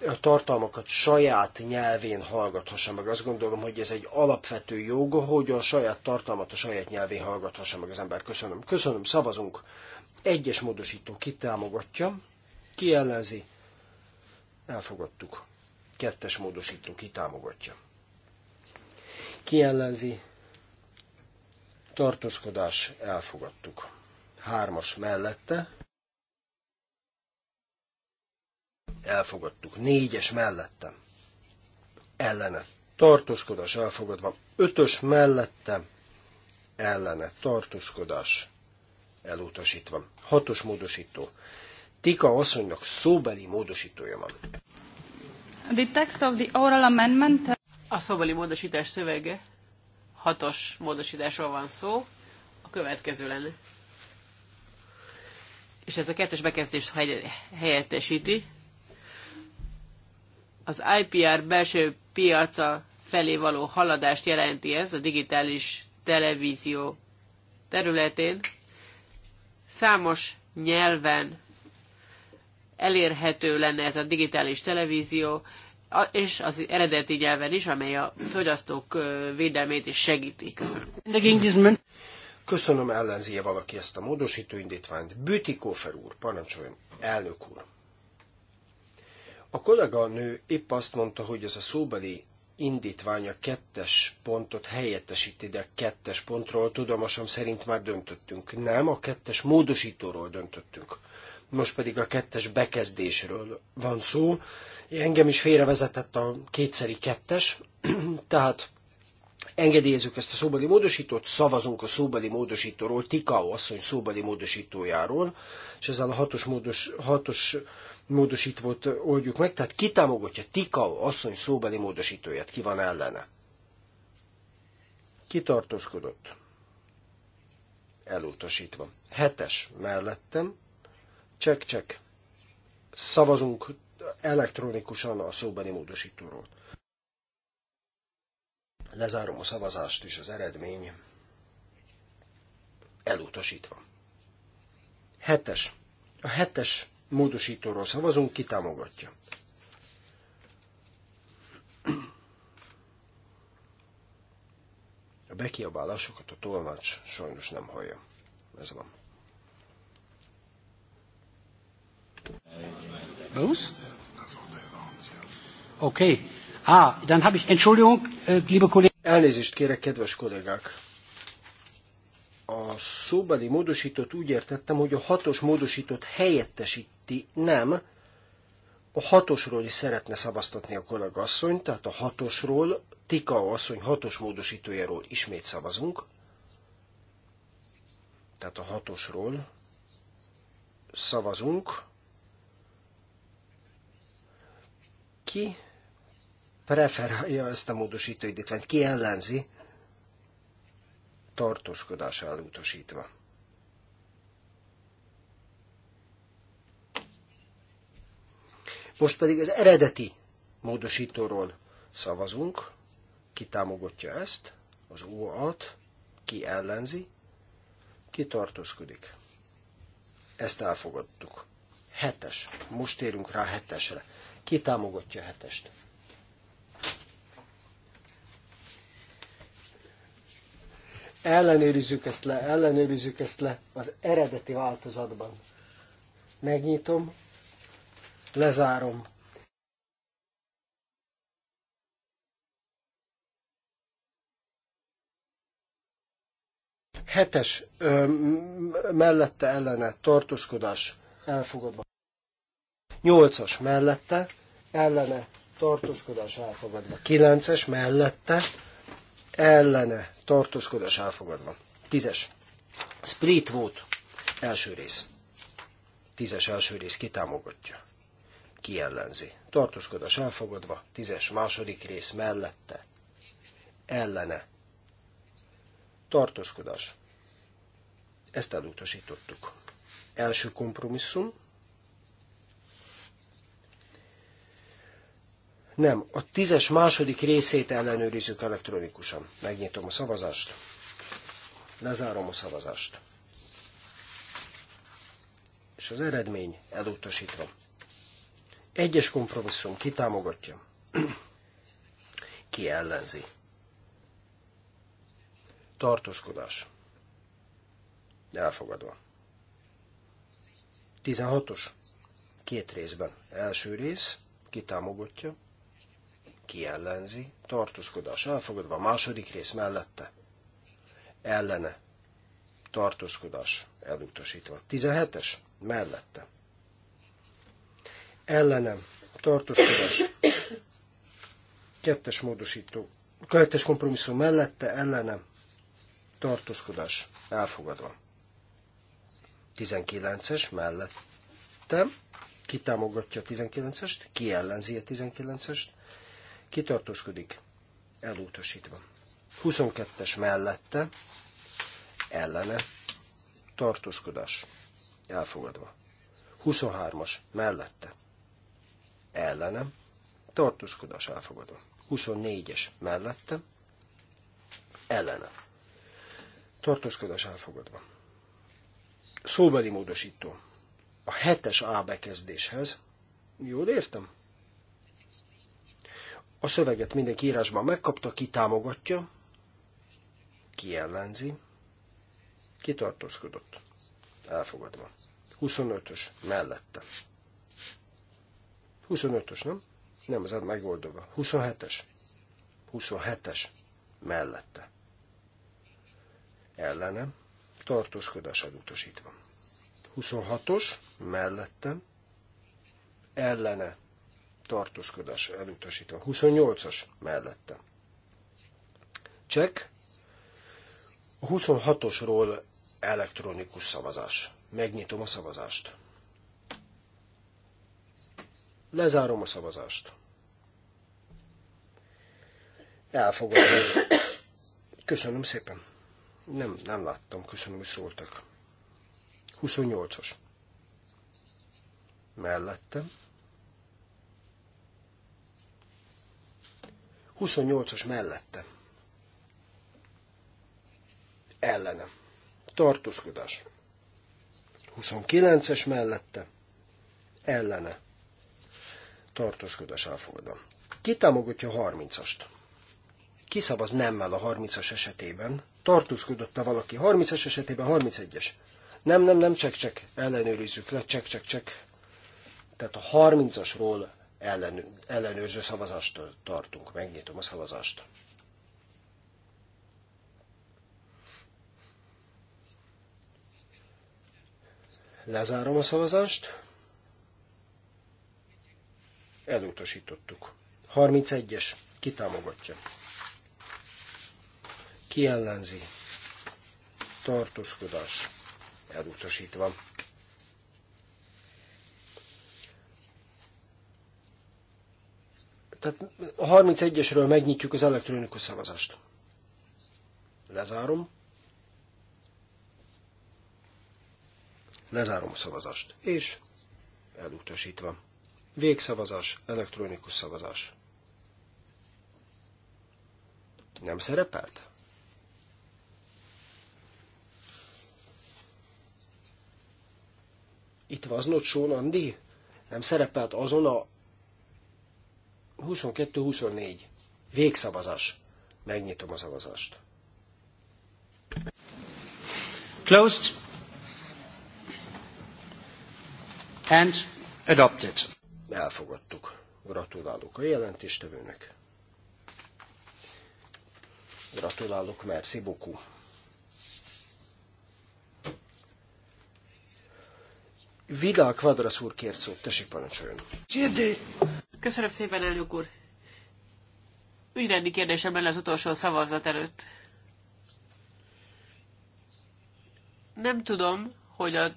a tartalmakat saját nyelvén hallgathassa meg. Azt gondolom, hogy ez egy alapvető jog, hogy a saját tartalmat a saját nyelvén hallgathassa meg az ember. Köszönöm. Köszönöm, szavazunk. Egyes módosító ki támogatja, ki ellenzi, elfogadtuk. Kettes módosító ki támogatja. Ki ellenzi, tartózkodás, elfogadtuk. Hármas mellette, elfogadtuk. Négyes mellette, ellene, tartózkodás elfogadva. Ötös mellette, ellene, tartózkodás elutasítva. Hatos módosító. Tika asszonynak szóbeli módosítója van. The text of the oral amendment... A szóbeli módosítás szövege. Hatos módosításról van szó. A következő lenne. És ez a kettős bekezdést helyettesíti. Az IPR belső piaca felé való haladást jelenti ez a digitális televízió területén. Számos nyelven elérhető lenne ez a digitális televízió, és az eredeti nyelven is, amely a fogyasztók védelmét is segíti. Köszönöm. Köszönöm, ellenzie valaki ezt a módosító indítványt. Kófer úr, parancsoljon, elnök úr. A kollega nő épp azt mondta, hogy ez a szóbeli indítványa kettes pontot helyettesíti, de a kettes pontról tudomosom szerint már döntöttünk. Nem, a kettes módosítóról döntöttünk. Most pedig a kettes bekezdésről van szó. Engem is félrevezetett a kétszeri kettes, tehát engedélyezzük ezt a szóbeli módosítót, szavazunk a szóbeli módosítóról, Tikao asszony szóbeli módosítójáról, és ezzel a hatos, módos, hatos módosítót oldjuk meg, tehát ki támogatja Tikau asszony szóbeli módosítóját, ki van ellene? Kitartózkodott. Elutasítva. Hetes mellettem. Csek, csek. Szavazunk elektronikusan a szóbeli módosítóról. Lezárom a szavazást és az eredmény elutasítva. Hetes. A hetes módosítóról szavazunk, ki támogatja. A bekiabálásokat a tolmács sajnos nem hallja. Ez van. Bruce? Oké. Okay. Ah, dann habe ich, Entschuldigung, äh, liebe Kollegen. Elnézést kérek, kedves kollégák. A szóbeli módosítót úgy értettem, hogy a hatos módosítót helyettesít, ti nem, a hatosról is szeretne szavaztatni a kollega tehát a hatosról, Tika asszony hatos módosítójáról ismét szavazunk, tehát a hatosról szavazunk. Ki preferálja ezt a módosítóidítványt? Ki ellenzi? Tartózkodás elutasítva. Most pedig az eredeti módosítóról szavazunk. Ki támogatja ezt, az OA-t, ki ellenzi, ki tartózkodik. Ezt elfogadtuk. Hetes. Most érünk rá hetesre. Ki támogatja hetest? ellenőrizzük ezt le, ellenőrizzük ezt le az eredeti változatban. Megnyitom Lezárom. Hetes ö, mellette ellene tartózkodás elfogadva. Nyolcas mellette ellene tartózkodás elfogadva. Kilences mellette ellene tartózkodás elfogadva. Tízes. Split vote. Első rész. Tízes első rész kitámogatja kiellenzi. Tartózkodás elfogadva, tízes második rész mellette, ellene. Tartózkodás. Ezt elutasítottuk. Első kompromisszum. Nem, a tízes második részét ellenőrizzük elektronikusan. Megnyitom a szavazást. Lezárom a szavazást. És az eredmény elutasítva. Egyes kompromisszum ki támogatja, ki ellenzi. Tartózkodás. Elfogadva. 16-os. Két részben. Első rész, ki támogatja, ki ellenzi, tartózkodás elfogadva, a második rész mellette, ellene, tartózkodás elutasítva. 17-es, mellette, ellenem tartózkodás kettes módosító, kettes kompromisszum mellette ellenem tartózkodás elfogadva. 19-es mellette ki támogatja a 19-est, ki ellenzi a 19-est, ki tartózkodik elutasítva. 22-es mellette ellene tartózkodás elfogadva. 23-as mellette ellenem, tartózkodás elfogadva. 24-es mellettem, ellenem, tartózkodás elfogadva. Szóbeli módosító. A hetes A bekezdéshez, jól értem? A szöveget mindenki írásban megkapta, ki támogatja, ki ellenzi, ki tartózkodott. Elfogadva. 25-ös mellette. 25-ös, nem? Nem, ez megoldva. 27-es. 27-es. Mellette. Ellenem. Tartózkodás elutasítva. 26-os. Mellettem. Ellene. Tartózkodás elutasítva. 28-as. Mellettem. Csek. A 26-osról elektronikus szavazás. Megnyitom a szavazást. Lezárom a szavazást. Elfogadom. Köszönöm szépen. Nem, nem láttam. Köszönöm, hogy szóltak. 28-os. Mellettem. 28 os mellette. Ellene. Tartózkodás. 29-es mellette. Ellene tartózkodás elfogadva. Ki támogatja a 30-ast? Ki szavaz nemmel a 30-as esetében? Tartózkodott-e valaki? 30-as esetében 31-es. Nem, nem, nem, csek, csek, ellenőrizzük le, csek, csek, csek. Tehát a 30-asról ellen, ellenőrző szavazást tartunk. Megnyitom a szavazást. Lezárom a szavazást. Elutasítottuk. 31-es. Ki támogatja? Ki ellenzi? Tartózkodás. Elutasítva. Tehát a 31-esről megnyitjuk az elektronikus szavazást. Lezárom. Lezárom a szavazást. És elutasítva. Végszavazás, elektronikus szavazás. Nem szerepelt? Itt van az Sean Andy? Nem szerepelt azon a 22-24. Végszavazás. Megnyitom a szavazást. Closed and adopted elfogadtuk. Gratulálok a jelentéstevőnek. Gratulálok, merci beaucoup. Vidal Kvadrasz úr kért szót, tessék parancsoljon. Köszönöm szépen, elnök úr. Ügyrendi kérdésem lenne az utolsó szavazat előtt. Nem tudom, hogy a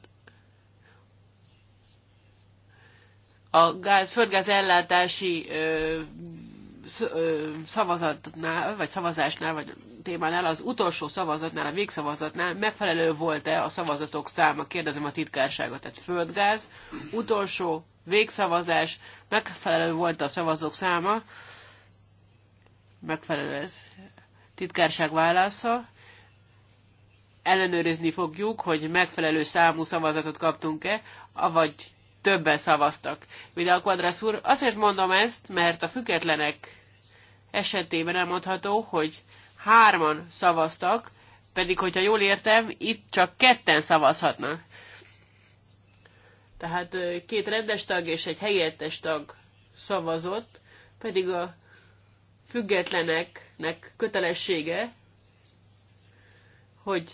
a gáz, földgáz ellátási ö, ö, szavazatnál, vagy szavazásnál, vagy témánál, az utolsó szavazatnál, a végszavazatnál megfelelő volt-e a szavazatok száma, kérdezem a titkárságot, tehát földgáz, utolsó végszavazás, megfelelő volt a szavazók száma, megfelelő ez titkárság válasza, ellenőrizni fogjuk, hogy megfelelő számú szavazatot kaptunk-e, avagy többen szavaztak. Vidal Quadras úr, azért mondom ezt, mert a függetlenek esetében elmondható, hogy hárman szavaztak, pedig, hogyha jól értem, itt csak ketten szavazhatnak. Tehát két rendes tag és egy helyettes tag szavazott, pedig a függetleneknek kötelessége, hogy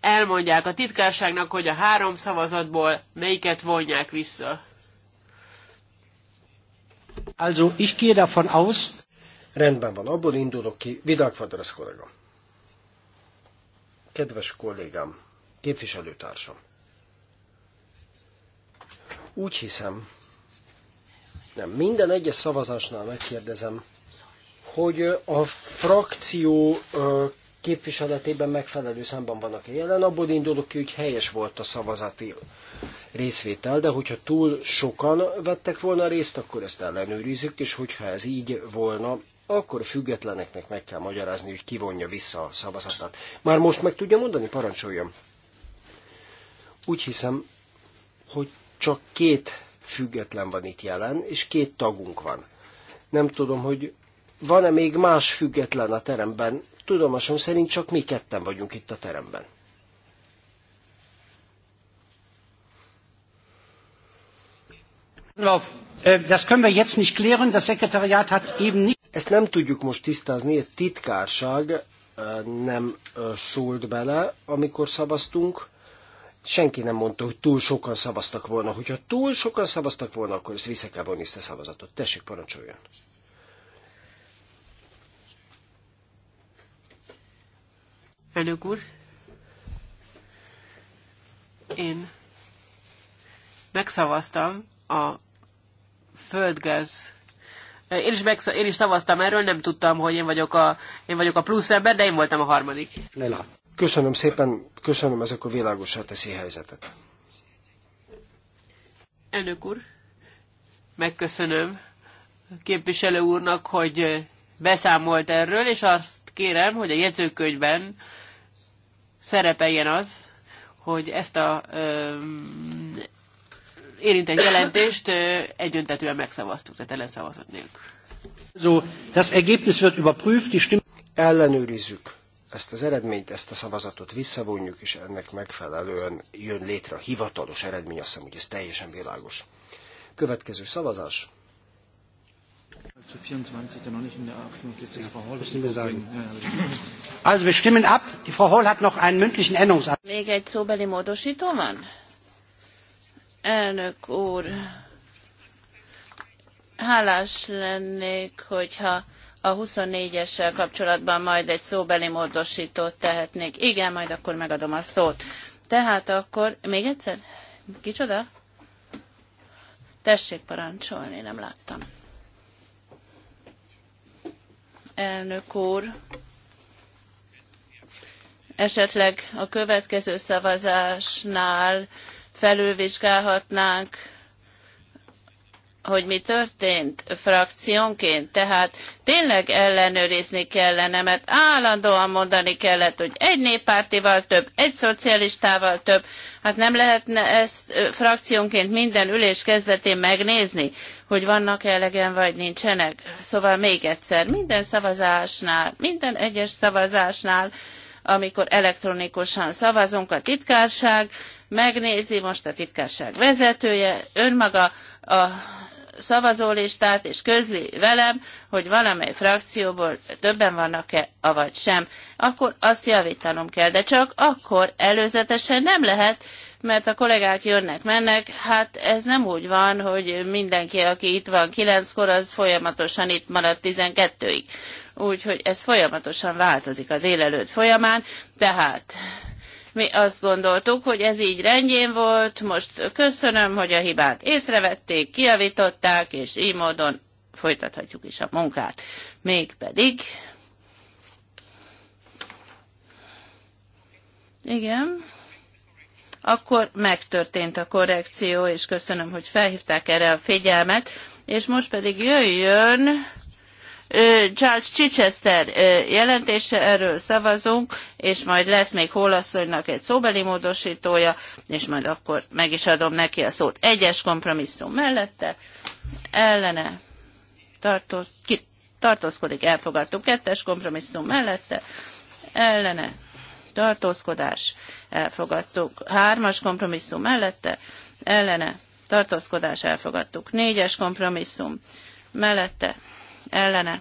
elmondják a titkárságnak, hogy a három szavazatból melyiket vonják vissza. Also, ich gehe davon aus... Rendben van, abból indulok ki. Vidal Fadrasz kollega. Kedves kollégám, képviselőtársam. Úgy hiszem, nem, minden egyes szavazásnál megkérdezem, hogy a frakció képviseletében megfelelő számban vannak jelen, abból indulok ki, hogy helyes volt a szavazati részvétel, de hogyha túl sokan vettek volna részt, akkor ezt ellenőrizzük, és hogyha ez így volna, akkor függetleneknek meg kell magyarázni, hogy kivonja vissza a szavazatát. Már most meg tudja mondani, parancsoljam. Úgy hiszem, hogy csak két független van itt jelen, és két tagunk van. Nem tudom, hogy van-e még más független a teremben, tudomásom szerint csak mi ketten vagyunk itt a teremben. Äh, ezt nem tudjuk most tisztázni, a titkárság äh, nem szólt bele, amikor szavaztunk. Senki nem mondta, hogy túl sokan szavaztak volna. Hogyha túl sokan szavaztak volna, akkor ezt vissza kell vonni ezt a szavazatot. Tessék, parancsoljon! Elnök úr, én megszavaztam a földgáz én is, megszav, én is szavaztam erről, nem tudtam, hogy én vagyok, a, én vagyok a plusz ember, de én voltam a harmadik. Lela, köszönöm szépen, köszönöm, ezek a világosá teszi helyzetet. Elnök úr, megköszönöm képviselő úrnak, hogy beszámolt erről, és azt kérem, hogy a jegyzőkönyvben szerepeljen az, hogy ezt a ö, érintett jelentést ö, egyöntetően megszavaztuk, tehát ellenszavazat nélkül. So, das Ergebnis wird überprüft, die Stimme... Ellenőrizzük ezt az eredményt, ezt a szavazatot visszavonjuk, és ennek megfelelően jön létre a hivatalos eredmény, azt hiszem, hogy ez teljesen világos. Következő szavazás. Zu 24, der noch nicht in der Abstimmungsliste ist, Frau Hall. Müssen wir sagen. Also wir stimmen ab. Die Frau Hall hat noch einen mündlichen Änderungsantrag. Még egy szóbeli módosító van? Elnök úr, hálás lennék, hogyha a 24-essel kapcsolatban majd egy szóbeli módosítót tehetnék. Igen, majd akkor megadom a szót. Tehát akkor, még egyszer, kicsoda? Tessék parancsolni, nem láttam elnök úr. Esetleg a következő szavazásnál felülvizsgálhatnánk hogy mi történt frakciónként, tehát tényleg ellenőrizni kellene, mert állandóan mondani kellett, hogy egy néppártival több, egy szocialistával több, hát nem lehetne ezt frakciónként minden ülés kezdetén megnézni, hogy vannak elegen vagy nincsenek. Szóval még egyszer, minden szavazásnál, minden egyes szavazásnál, amikor elektronikusan szavazunk, a titkárság megnézi, most a titkárság vezetője, önmaga a szavazólistát, és közli velem, hogy valamely frakcióból többen vannak-e, avagy sem, akkor azt javítanom kell. De csak akkor előzetesen nem lehet, mert a kollégák jönnek, mennek, hát ez nem úgy van, hogy mindenki, aki itt van kilenckor, az folyamatosan itt marad tizenkettőig. Úgyhogy ez folyamatosan változik a délelőtt folyamán, tehát mi azt gondoltuk, hogy ez így rendjén volt, most köszönöm, hogy a hibát észrevették, kiavították, és így módon folytathatjuk is a munkát. Mégpedig... Igen akkor megtörtént a korrekció, és köszönöm, hogy felhívták erre a figyelmet, és most pedig jöjjön Charles Chichester jelentése, erről szavazunk, és majd lesz még Hólasszonynak egy szóbeli módosítója, és majd akkor meg is adom neki a szót. Egyes kompromisszum mellette, ellene tartoz, ki, tartózkodik, elfogadtuk. Kettes kompromisszum mellette, ellene tartózkodás, elfogadtuk. Hármas kompromisszum mellette, ellene tartózkodás, elfogadtuk. Négyes kompromisszum mellette, ellene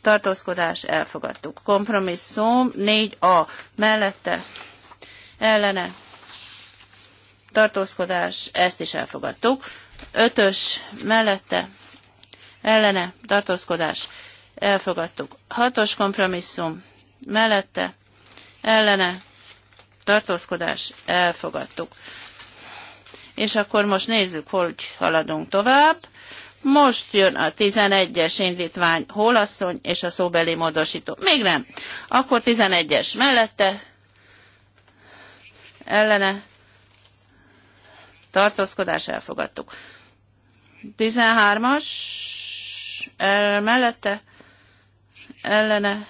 tartózkodás elfogadtuk. Kompromisszum 4A mellette ellene tartózkodás, ezt is elfogadtuk. Ötös mellette ellene tartózkodás, elfogadtuk. Hatos kompromisszum mellette ellene tartózkodás, elfogadtuk. És akkor most nézzük, hogy haladunk tovább. Most jön a 11-es indítvány, holasszony és a szóbeli módosító. Még nem. Akkor 11-es mellette, ellene, tartózkodás elfogadtuk. 13-as mellette, ellene,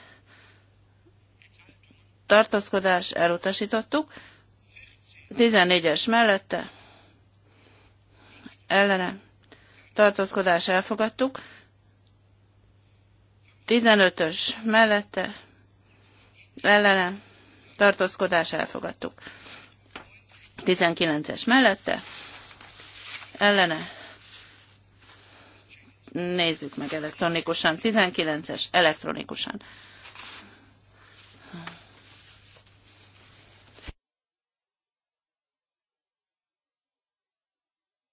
tartózkodás elutasítottuk. 14-es mellette, ellene, tartózkodás elfogadtuk. 15-ös mellette ellene tartózkodás elfogadtuk. 19-es mellette ellene nézzük meg elektronikusan. 19-es elektronikusan.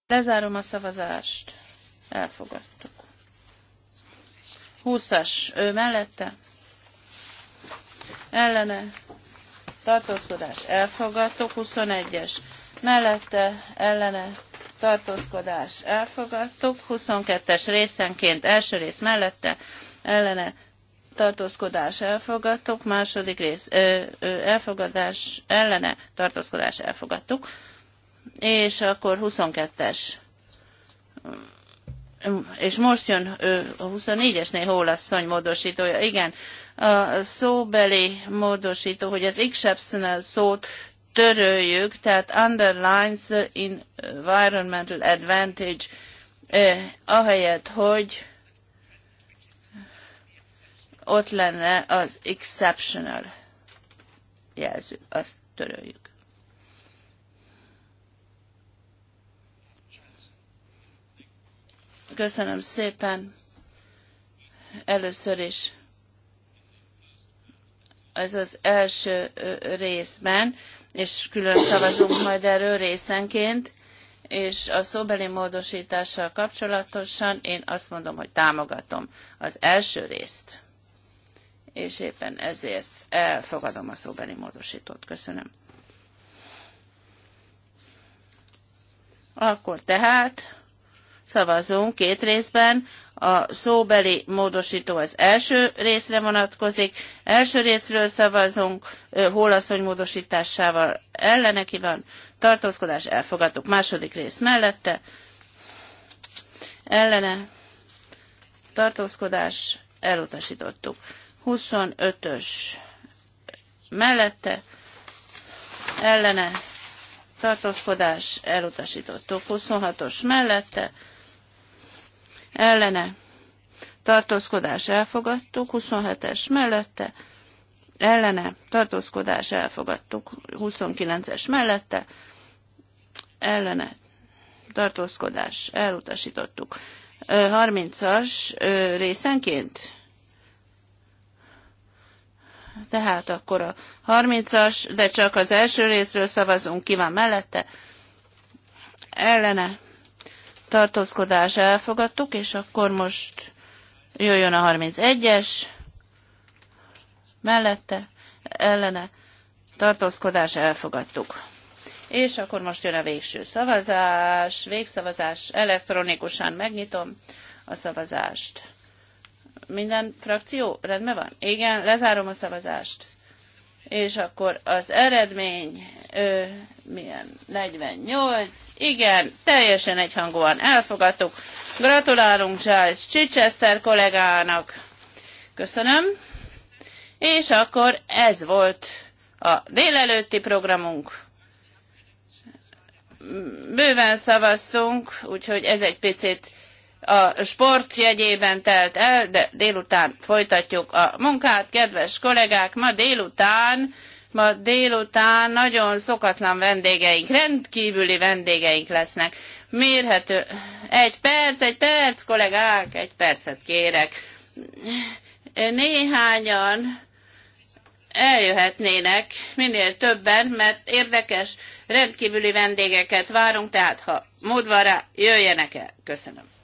Lezárom a szavazást. Elfogadtuk. 20 ő mellette. Ellene. Tartózkodás. Elfogadtuk. 21-es mellette. Ellene. Tartózkodás. Elfogadtuk. 22-es részenként. Első rész mellette. Ellene tartózkodás elfogadtuk, második rész ö, ö, elfogadás ellene tartózkodás elfogadtuk, és akkor 22-es és most jön a 24-esnél hólasszony módosítója. Igen, a szóbeli módosító, hogy az exceptional szót töröljük, tehát underlines the environmental advantage, eh, ahelyett, hogy ott lenne az exceptional jelző, azt töröljük. Köszönöm szépen. Először is ez az első részben, és külön szavazunk majd erről részenként, és a szóbeli módosítással kapcsolatosan én azt mondom, hogy támogatom az első részt, és éppen ezért elfogadom a szóbeli módosítót. Köszönöm. Akkor tehát Szavazunk két részben. A szóbeli módosító az első részre vonatkozik. Első részről szavazunk, hólaszony módosításával ellene ki van. Tartózkodás elfogadtuk. Második rész mellette. Ellene. Tartózkodás elutasítottuk. 25-ös mellette. Ellene tartózkodás elutasítottuk. 26-os mellette ellene tartózkodás elfogadtuk, 27-es mellette, ellene tartózkodás elfogadtuk, 29-es mellette, ellene tartózkodás elutasítottuk. 30-as részenként, tehát akkor a 30-as, de csak az első részről szavazunk, ki van mellette, ellene tartózkodás elfogadtuk, és akkor most jöjjön a 31-es, mellette, ellene, tartózkodás elfogadtuk. És akkor most jön a végső szavazás, végszavazás, elektronikusan megnyitom a szavazást. Minden frakció rendben van? Igen, lezárom a szavazást és akkor az eredmény ö, milyen 48, igen, teljesen egyhangúan elfogadtuk. Gratulálunk Charles Chichester kollégának. Köszönöm. És akkor ez volt a délelőtti programunk. Bőven szavaztunk, úgyhogy ez egy picit a sport jegyében telt el, de délután folytatjuk a munkát. Kedves kollégák, ma délután, ma délután nagyon szokatlan vendégeink, rendkívüli vendégeink lesznek. Mérhető. Egy perc, egy perc, kollégák, egy percet kérek. Néhányan eljöhetnének minél többen, mert érdekes, rendkívüli vendégeket várunk, tehát ha mód van rá, jöjjenek el. Köszönöm.